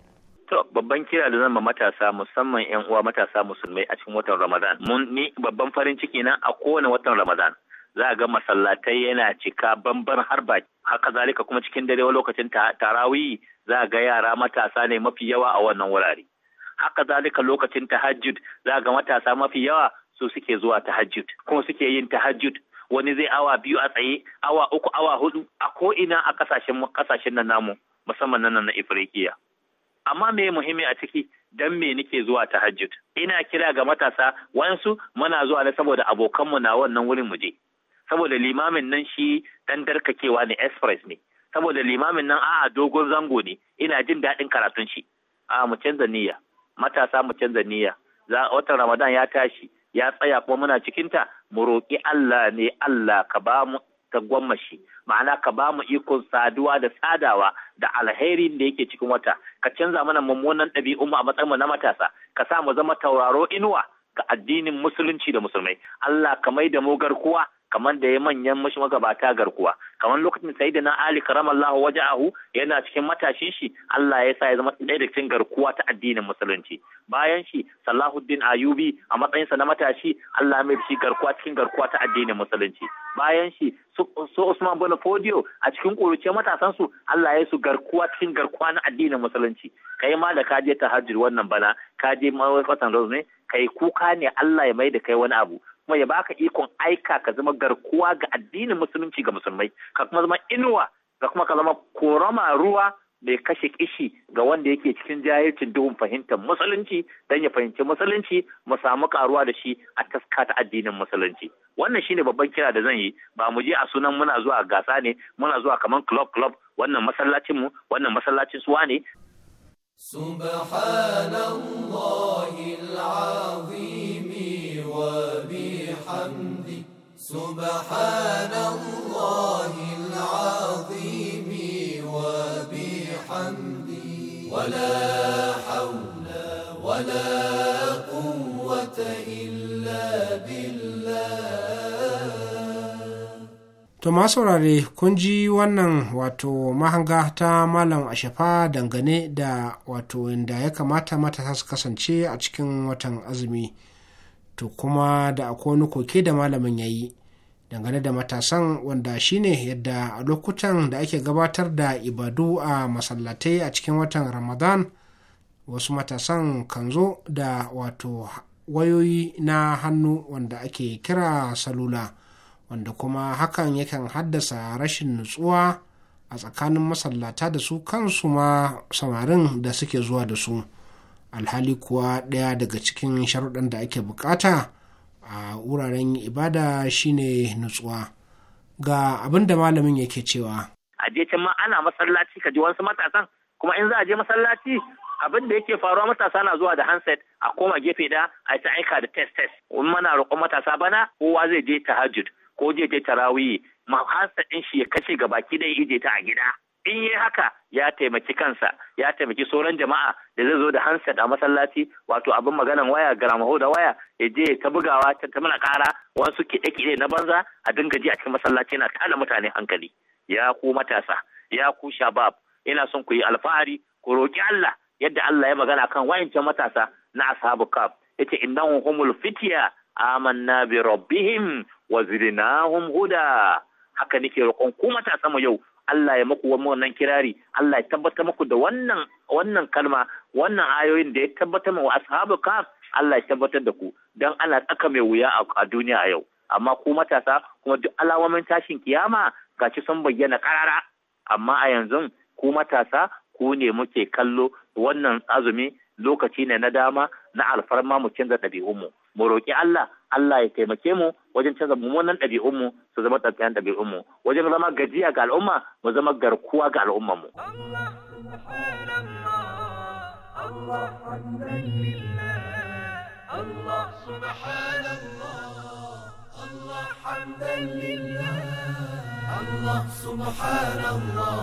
babban kira da zama matasa musamman 'yan uwa matasa musulmai a cikin watan Ramadan. Mun ni babban farin ciki na a kowane watan Ramadan. Za a ga masallatai yana cika bamban har baki. Haka zalika kuma cikin dare lokacin tarawii za a ga yara matasa ne mafi yawa a wannan wurare. Haka zalika lokacin tahajjud za a ga matasa mafi yawa su suke zuwa tahajjud kuma suke yin tahajjud wani zai awa biyu a tsaye awa uku awa hudu a ko'ina a kasashen kasashen na namu musamman nan na Ifriqiya amma me muhimmi a ciki dan me nake zuwa ta tahajjud ina kira ga matasa wayansu muna zuwa ne saboda abokanmu na wannan wurin mu je saboda limamin nan shi dan darkakewa ne express ne saboda limamin nan a'a dogon zango ne ina jin daɗin karatun shi a mu canza niyya matasa mu canza niyya za watan ramadan ya tashi ya tsaya kuma muna cikinta mu roƙi Allah ne Allah ka ba mu tagwammashi ma'ana ka ba mu ikon saduwa da sadawa da alherin da yake cikin wata ka canza mana mummunan ɗabi'un mu a matsayin mu na matasa ka sa mu zama tauraro inuwa ga addinin musulunci da musulmai Allah ka mai da mu garkuwa kamar da ya manyan mashi magabata garkuwa kamar lokacin na ali karamallahu waja'ahu yana cikin matashin shi Allah ya sa ya zama ɗaya da cikin garkuwa ta addinin musulunci bayan shi salahuddin ayubi a matsayinsa na matashi Allah ya mai shi garkuwa cikin garkuwa ta addinin musulunci bayan shi su Usman bin Fodio a cikin ƙuruce matasan su Allah ya su garkuwa cikin garkuwa na addinin musulunci kai ma da ka je tahajjud wannan bana ka je watan rozne kai kuka ne Allah ya mai da kai wani abu kuma ya baka ikon aika ka zama garkuwa ga addinin musulunci ga musulmai ka kuma zama inuwa ka kuma ka zama korama ruwa mai kashe kishi ga wanda yake cikin jahilcin duhun fahimtar musulunci don ya fahimci musulunci mu samu karuwa da shi a taska ta addinin musulunci wannan shine babban kira da zan yi ba mu je a sunan muna zuwa gasa ne muna zuwa kaman club club wannan masallacin mu wannan masallacin suwa ne subhanallah سبحان الله العظيم وبحمده ولا حول ولا قوة إلا بالله To ma saurare kun ji wannan wato mahanga ta Malam Ashafa dangane da wato inda ya kamata matasa su kasance a cikin watan azumi. to kuma da akwai wani koke da malamin ya yi dangane da matasan wanda shine yadda a lokutan da ake gabatar da ibadu a masallatai a cikin watan ramadan wasu matasan kan zo da wato wayoyi na hannu wanda ake kira salula wanda kuma hakan yakan haddasa rashin nutsuwa a tsakanin masallata da su kansu ma samarin da suke zuwa da su. alhali kuwa ɗaya daga cikin sharuɗan da ake bukata a wuraren ibada shine nutsuwa ga abin da malamin yake cewa a je can ma ana masallaci ka ji wasu matasan kuma in za a je masallaci abin da yake faruwa matasa na zuwa da handset a koma gefe da a ta aika da test test in mana roƙon matasa bana kowa zai je tahajjud ko je je tarawih ma handset din shi ya kashe gabaki dai ije ta a gida in yi haka ya taimaki kansa ya taimaki sauran jama'a da zai zo da handset a masallaci wato abin maganan waya garamaho da waya ya je ta bugawa ta mana kara wasu kiɗe-kiɗe na banza a dinga ji a cikin masallaci na tada mutane hankali ya ku matasa ya ku shabab ina son ku yi alfahari ku roƙi Allah yadda Allah ya magana kan wayancan matasa na ashabu kaf yace inna humul fitiya amanna bi rabbihim wa zidnahum huda haka nake roƙon ku matasa mu yau Allah ya muku wannan kirari Allah ya tabbatar muku da wannan wannan kalma wannan ayoyin da ya tabbatar wa ashabu kaf Allah ya tabbatar da ku dan ana tsaka mai wuya a duniya a yau amma ku matasa kuma duk alamomin tashin kiyama gaci sun bayyana karara amma a yanzu ku matasa ku ne muke kallo wannan azumi lokaci ne na dama na alfarma mu canza ɗabi'unmu mu roƙi Allah Allah ya taimake mu wajen canza mummunan ɗabi'unmu su zama ɗabi'an ɗabi'unmu wajen zama gajiya ga al'umma mu zama garkuwa ga al'ummanmu. Allah الله Allah hamdan الله Allah subhanallah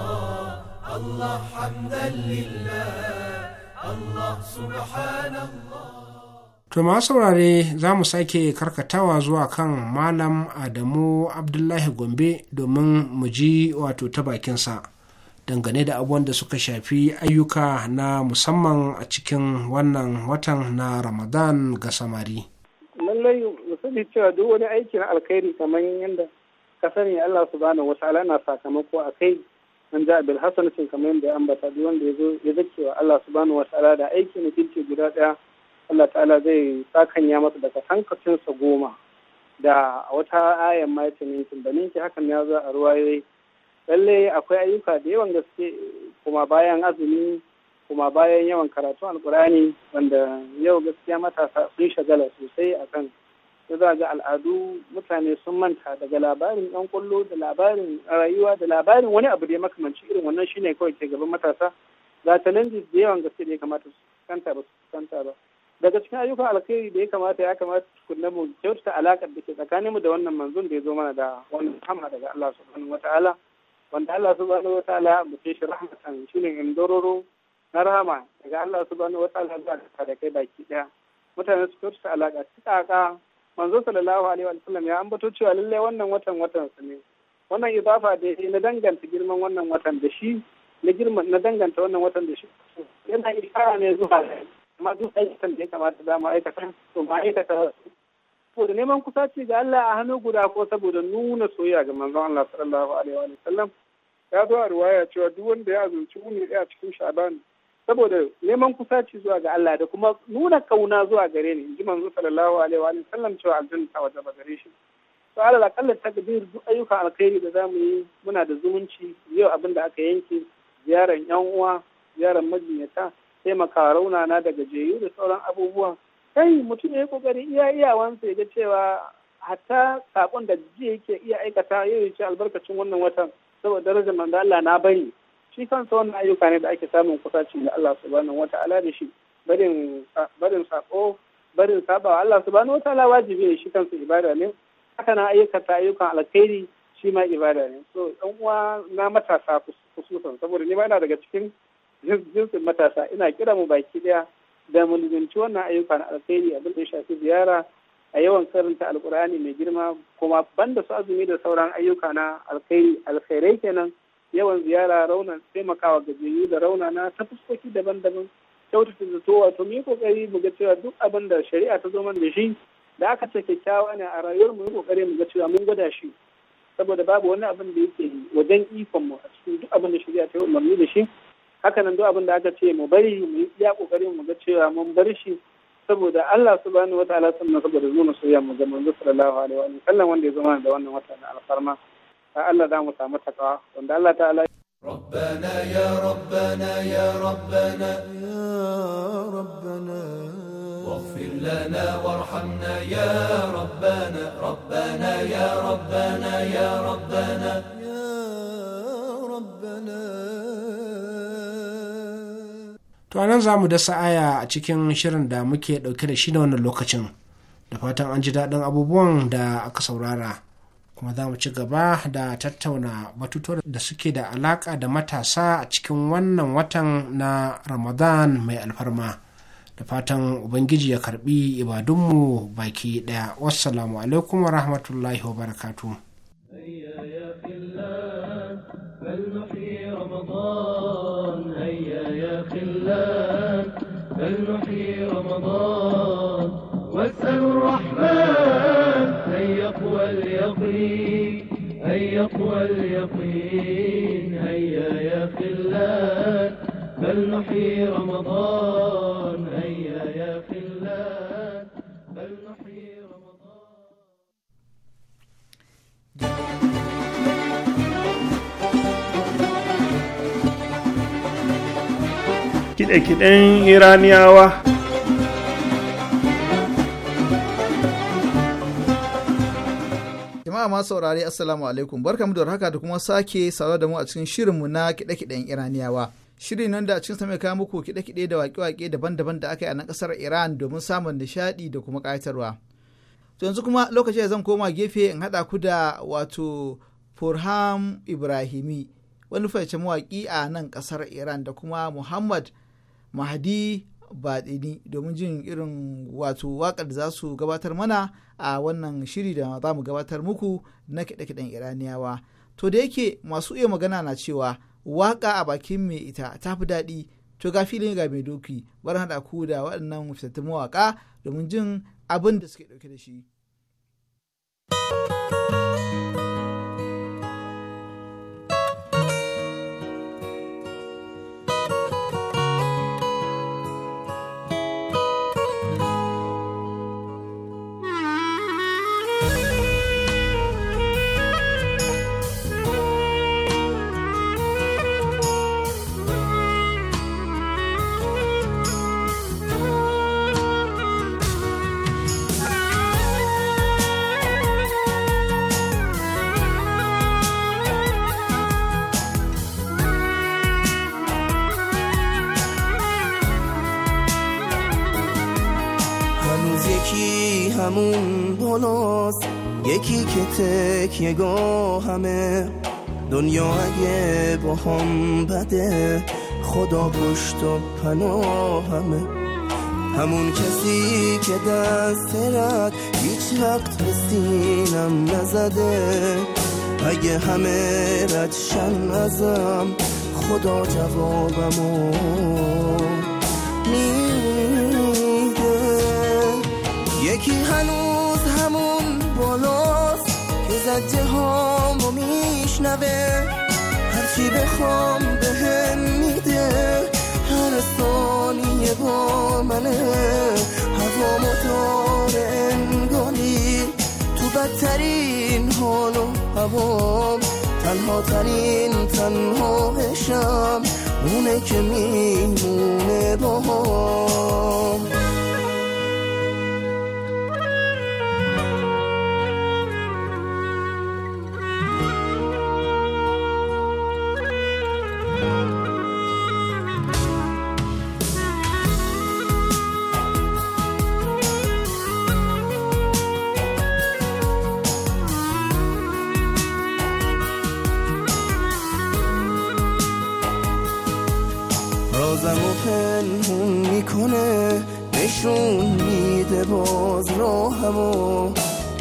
Allah hamdan lillah Allah To masu saurare za mu sake karkatawa zuwa kan Malam Adamu Abdullahi Gombe domin mu ji wato ta bakinsa dangane da abubuwan da suka shafi ayyuka na musamman a cikin wannan watan na Ramadan ga samari. Lallai musali cewa duk wani aikin alkhairi kamar yadda ka sani Allah subhanahu wa ta'ala na sakamako a kai an ja ja'a bil sun kamar yadda ya ambata duk wanda ya zo ya zake wa Allah subhanahu wa ta'ala da aiki na kirki guda daya Allah ta'ala zai sakanya masa daga tankacin sa goma da wata ayan ma yace da ninki hakan ya zo a ruwaye lalle akwai ayyuka da yawan gaske kuma bayan azumi kuma bayan yawan karatu alkurani wanda yau gaskiya matasa sun shagala sosai akan da za ga al'adu mutane sun manta daga labarin ɗan kwallo da labarin rayuwa da labarin wani abu da ya makamanci irin wannan shine kawai ke gaban matasa ga challenges da yawan gaske da ya kamata su kanta ba su kanta ba daga cikin ayyukan alkhairi da ya kamata ya kamata su kunna mu kyautata alakar da ke tsakanin mu da wannan manzon da ya zo mana da wannan hama daga Allah subhanahu wataala wanda Allah subhanahu wataala ya ambace shi rahmatan shine indororo na rahama daga Allah subhanahu wataala zuwa da kai baki daya mutane su kyautata alaka su kaka manzo sallallahu alaihi wa sallam ya ambato cewa lallai wannan watan watan su ne wannan izafa da shi na danganta girman wannan watan da shi na girman na danganta wannan watan da shi yana ishara ne zuwa amma duk aikatan da ya kamata da aikata to aikata to da neman kusaci ga Allah a hannu guda ko saboda nuna soyayya ga manzo Allah sallallahu alaihi wa sallam ya zo a riwaya cewa duk wanda ya azumci wuni a cikin sha'ban saboda neman kusaci zuwa ga Allah da kuma nuna kauna zuwa gare ni inji manzo sallallahu alaihi wa sallam cewa aljanna ta ba gare shi to alal akalla takbir duk ayyukan alkhairi da zamu yi muna da zumunci yau abin da aka yanke ziyaran yan uwa ziyaran majinyata taimakawa na da gajeyu da sauran abubuwa kai mutum ya yi kokari iya iyawansa ya ga cewa hatta sakon da jiya yake iya aikata yau ya ce albarkacin wannan watan saboda darajar da Allah na bari shi kansa wannan ayyuka ne da ake samun kusaci da Allah subhanahu wata'ala da shi barin barin sako barin saba Allah subhanahu wata'ala wajibi ne shi kansa ibada ne haka na ayyuka ta ayyukan alkhairi shi ma ibada ne so dan uwa na matasa kususan saboda ni ma ina daga cikin jinsin matasa ina kira mu baki daya da mu wannan ayyuka na alkhairi a da ya shafi ziyara a yawan karanta alkur'ani mai girma kuma banda su azumi da sauran ayyuka na alkhairi alkhairai kenan yawan ziyara rauna taimakawa gajiyayyu da rauna na ta fuskoki daban-daban kyautata zato wato mu yi kokari mu ga cewa duk abin da shari'a ta zo mana da shi da aka ce kyakkyawa ne a rayuwar mu yi kokari mu ga cewa mun gwada shi saboda babu wani abin da yake wajen ikon mu a cikin duk abin da shari'a ta yi umarni da shi haka nan duk abin da aka ce mu bari mu yi iya kokari mu ga cewa mun bar shi saboda Allah subhanahu wataala sannan saboda zuwa soyayya mu ga manzo sallallahu alaihi wa sallam wanda ya zama da wannan wata na alfarma ta Allah za mu samu takawa wanda Allah ta'ala ربنا يا ربنا يا ربنا يا ربنا واغفر لنا وارحمنا يا ربنا ربنا يا ربنا يا ربنا يا ربنا to anan za mu dasa aya a cikin shirin da muke dauke da shi na wannan lokacin da fatan an ji daɗin abubuwan da aka saurara kuma za mu ci gaba da tattauna batutuwar da suke da alaka da matasa a cikin wannan watan na ramadan mai alfarma da fatan ubangiji ya karbi ibadunmu baki daya wassalamu alaikum wa rahmatullahi wa barakatu يقوى اليقين هيا يا خلان بل نحيي رمضان هيا يا خلان بل نحيي رمضان kiɗe-kiɗen iraniyawa ma saurari assalamu alaikum barkamu da haka da kuma sake saura da mu a cikin shirinmu na kiɗe-kiɗen iraniyawa shiri nan da a cikin samai kawo muku kiɗe-kiɗe da waƙe-waƙe daban-daban da aka yi a nan ƙasar iran domin samun nishaɗi da kuma ƙayatarwa to yanzu kuma lokaci zan koma gefe in haɗa ku da wato furham ibrahimi wani fahimci mawaƙi a nan ƙasar iran da kuma muhammad mahdi ba baɗini domin jin irin wato waƙar da za su gabatar mana a wannan shiri da za mu gabatar muku na kiɗe-kiɗen iraniyawa to da yake masu iya magana na cewa waƙa a bakin mai ita ta fi daɗi to ga filin ga mai doki bar haɗa ku da waɗannan fitattun mawaƙa domin jin abin da suke ɗauke da shi. یکی که تکیه همه دنیا اگه با هم بده خدا پشت و پناهمه همون کسی که دست رد هیچ وقت به سینم نزده اگه همه ردشن ازم خدا جوابمو میده یکی هنوز بالاست که هم و میشنوه هرچی بخوام به میده هر ثانیه با منه و داره انگاری تو بدترین حال و هوام تنها ترین تنها بشم اونه که میمونه با هم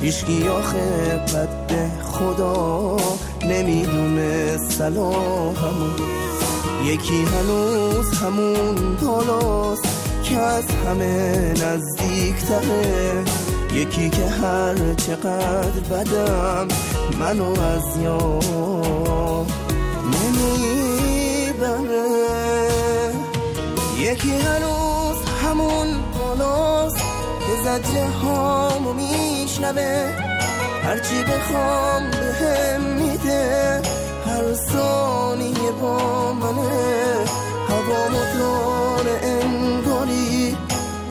هیچکی آخه بد خدا نمیدونه همون یکی هنوز همون دالاست که از همه نزدیک یکی که هر چقدر بدم منو از یا نمیبره یکی هنوز همون بالاست که زجه هامو میشنوه هرچی بخوام بهم میده هر ثانیه با منه هوا انگاری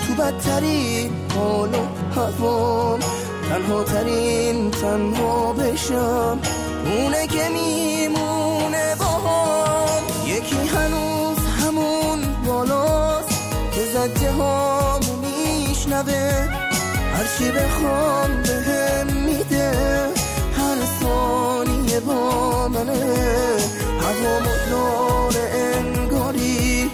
تو بدتری حال و حوام تنها ترین تنها بشم اونه که میمونه باهام یکی هنوز همون بالاست که زده هامو میشنوه هرچی بخوام بهم میده هر ثانیه با منه هوا انگاری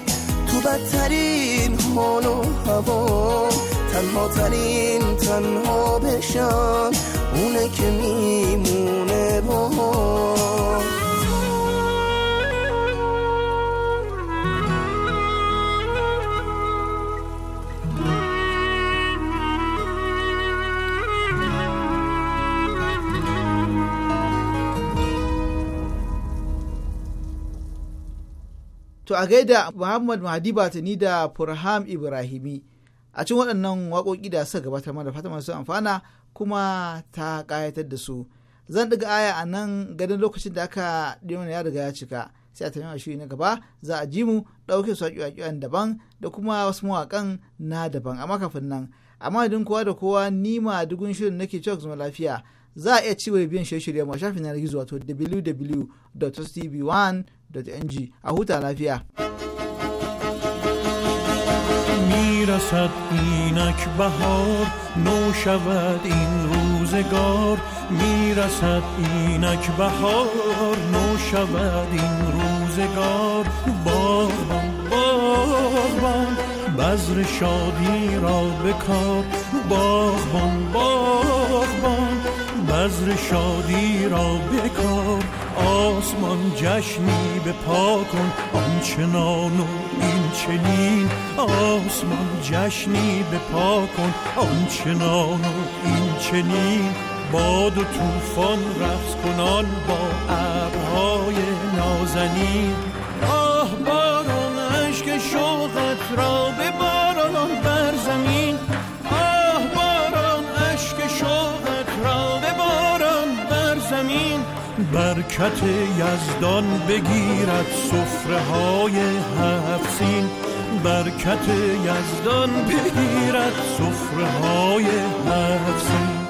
تو بدترین حال و هوا تنها ترین تنها بشن اونه که میمونه با To a gaida Muhammad Mahdi Batani da Furham Ibrahimi a cikin waɗannan waƙoƙi da suka gabatar mana fatan sun amfana kuma ta ƙayatar da su. Zan ɗiga aya a nan ganin lokacin da aka ɗiyo ya riga ya cika. sai a tafi shiri na gaba za a ji mu ɗauke su a daban da kuma wasu mawaƙan na daban amma kafin nan amma idan kowa da kowa ni ma dugun shirin nake cewa zama lafiya za a iya ciwo biyan shirye-shirye ma shafin yanar gizo wato www.tv1 ng a huta lafiya. میرسد اینک بهار نو شود این روزگار میرسد اینک بهار نو شود این روزگار باغبان باغبان بذر شادی را بکار باغبان باغبان بذر شادی را بکار آسمان جشنی به پا کن آنچنان و این چنین آسمان جشنی به پا کن آنچنان و این چنین باد و طوفان رقص کنان با ابرهای نازنین آه بارون اشک شوقت را به برکت یزدان بگیرد صفره های هفسین برکت یزدان بگیرد صفره های هفسین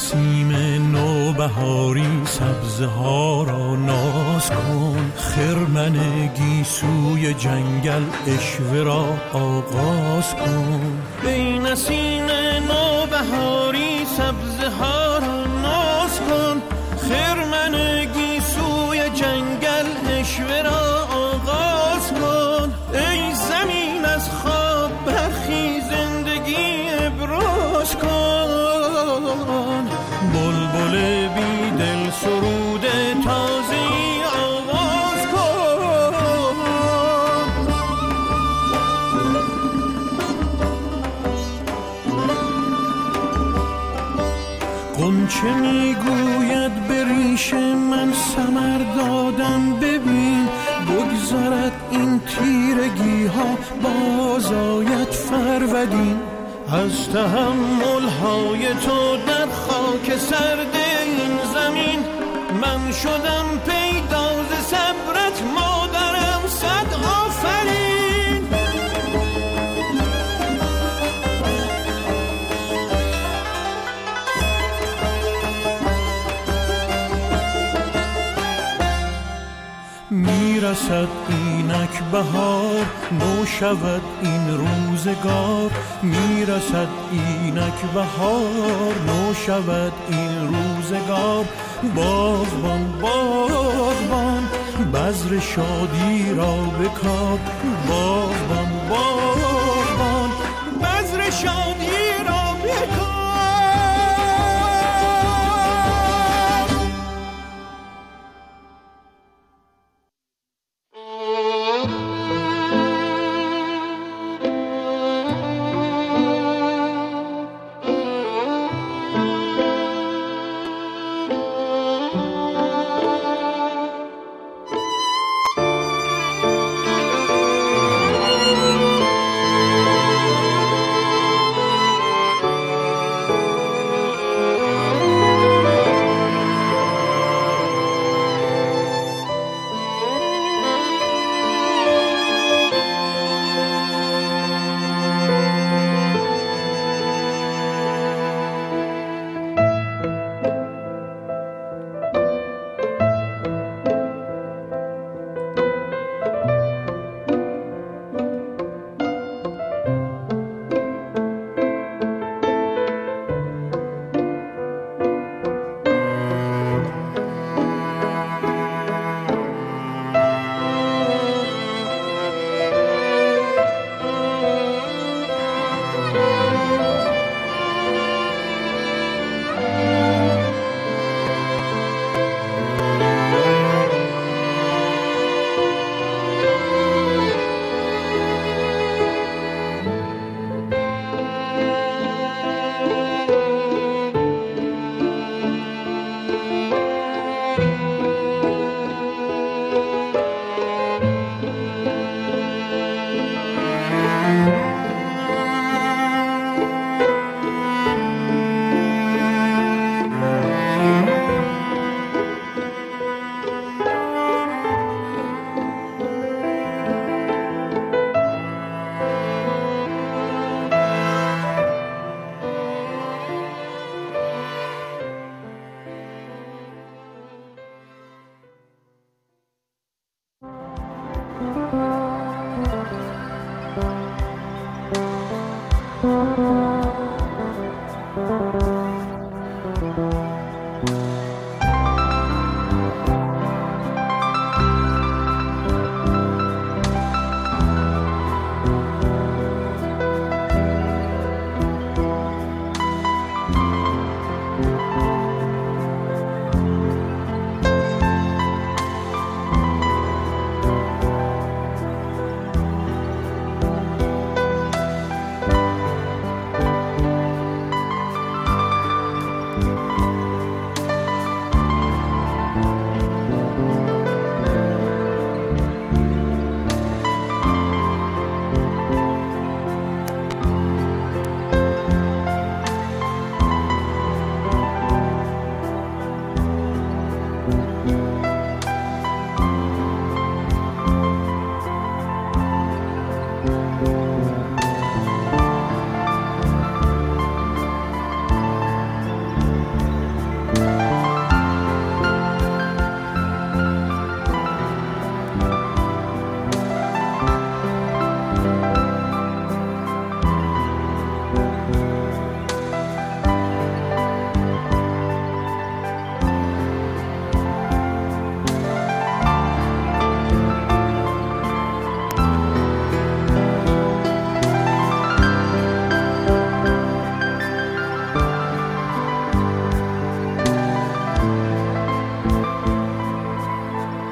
نسیم نوبهاری سبزه ها را ناز کن خرمن گیسوی جنگل اشوه را آغاز کن به نسیم نوبهاری تحمل های تو در خاک سرد این زمین من شدم پیداز صبرت مادرم صد آفرین میرسد بهار نو شود این روزگار میرسد اینک بهار نو شود این روزگار بازبان بازبان بذر شادی را بکاب بازبان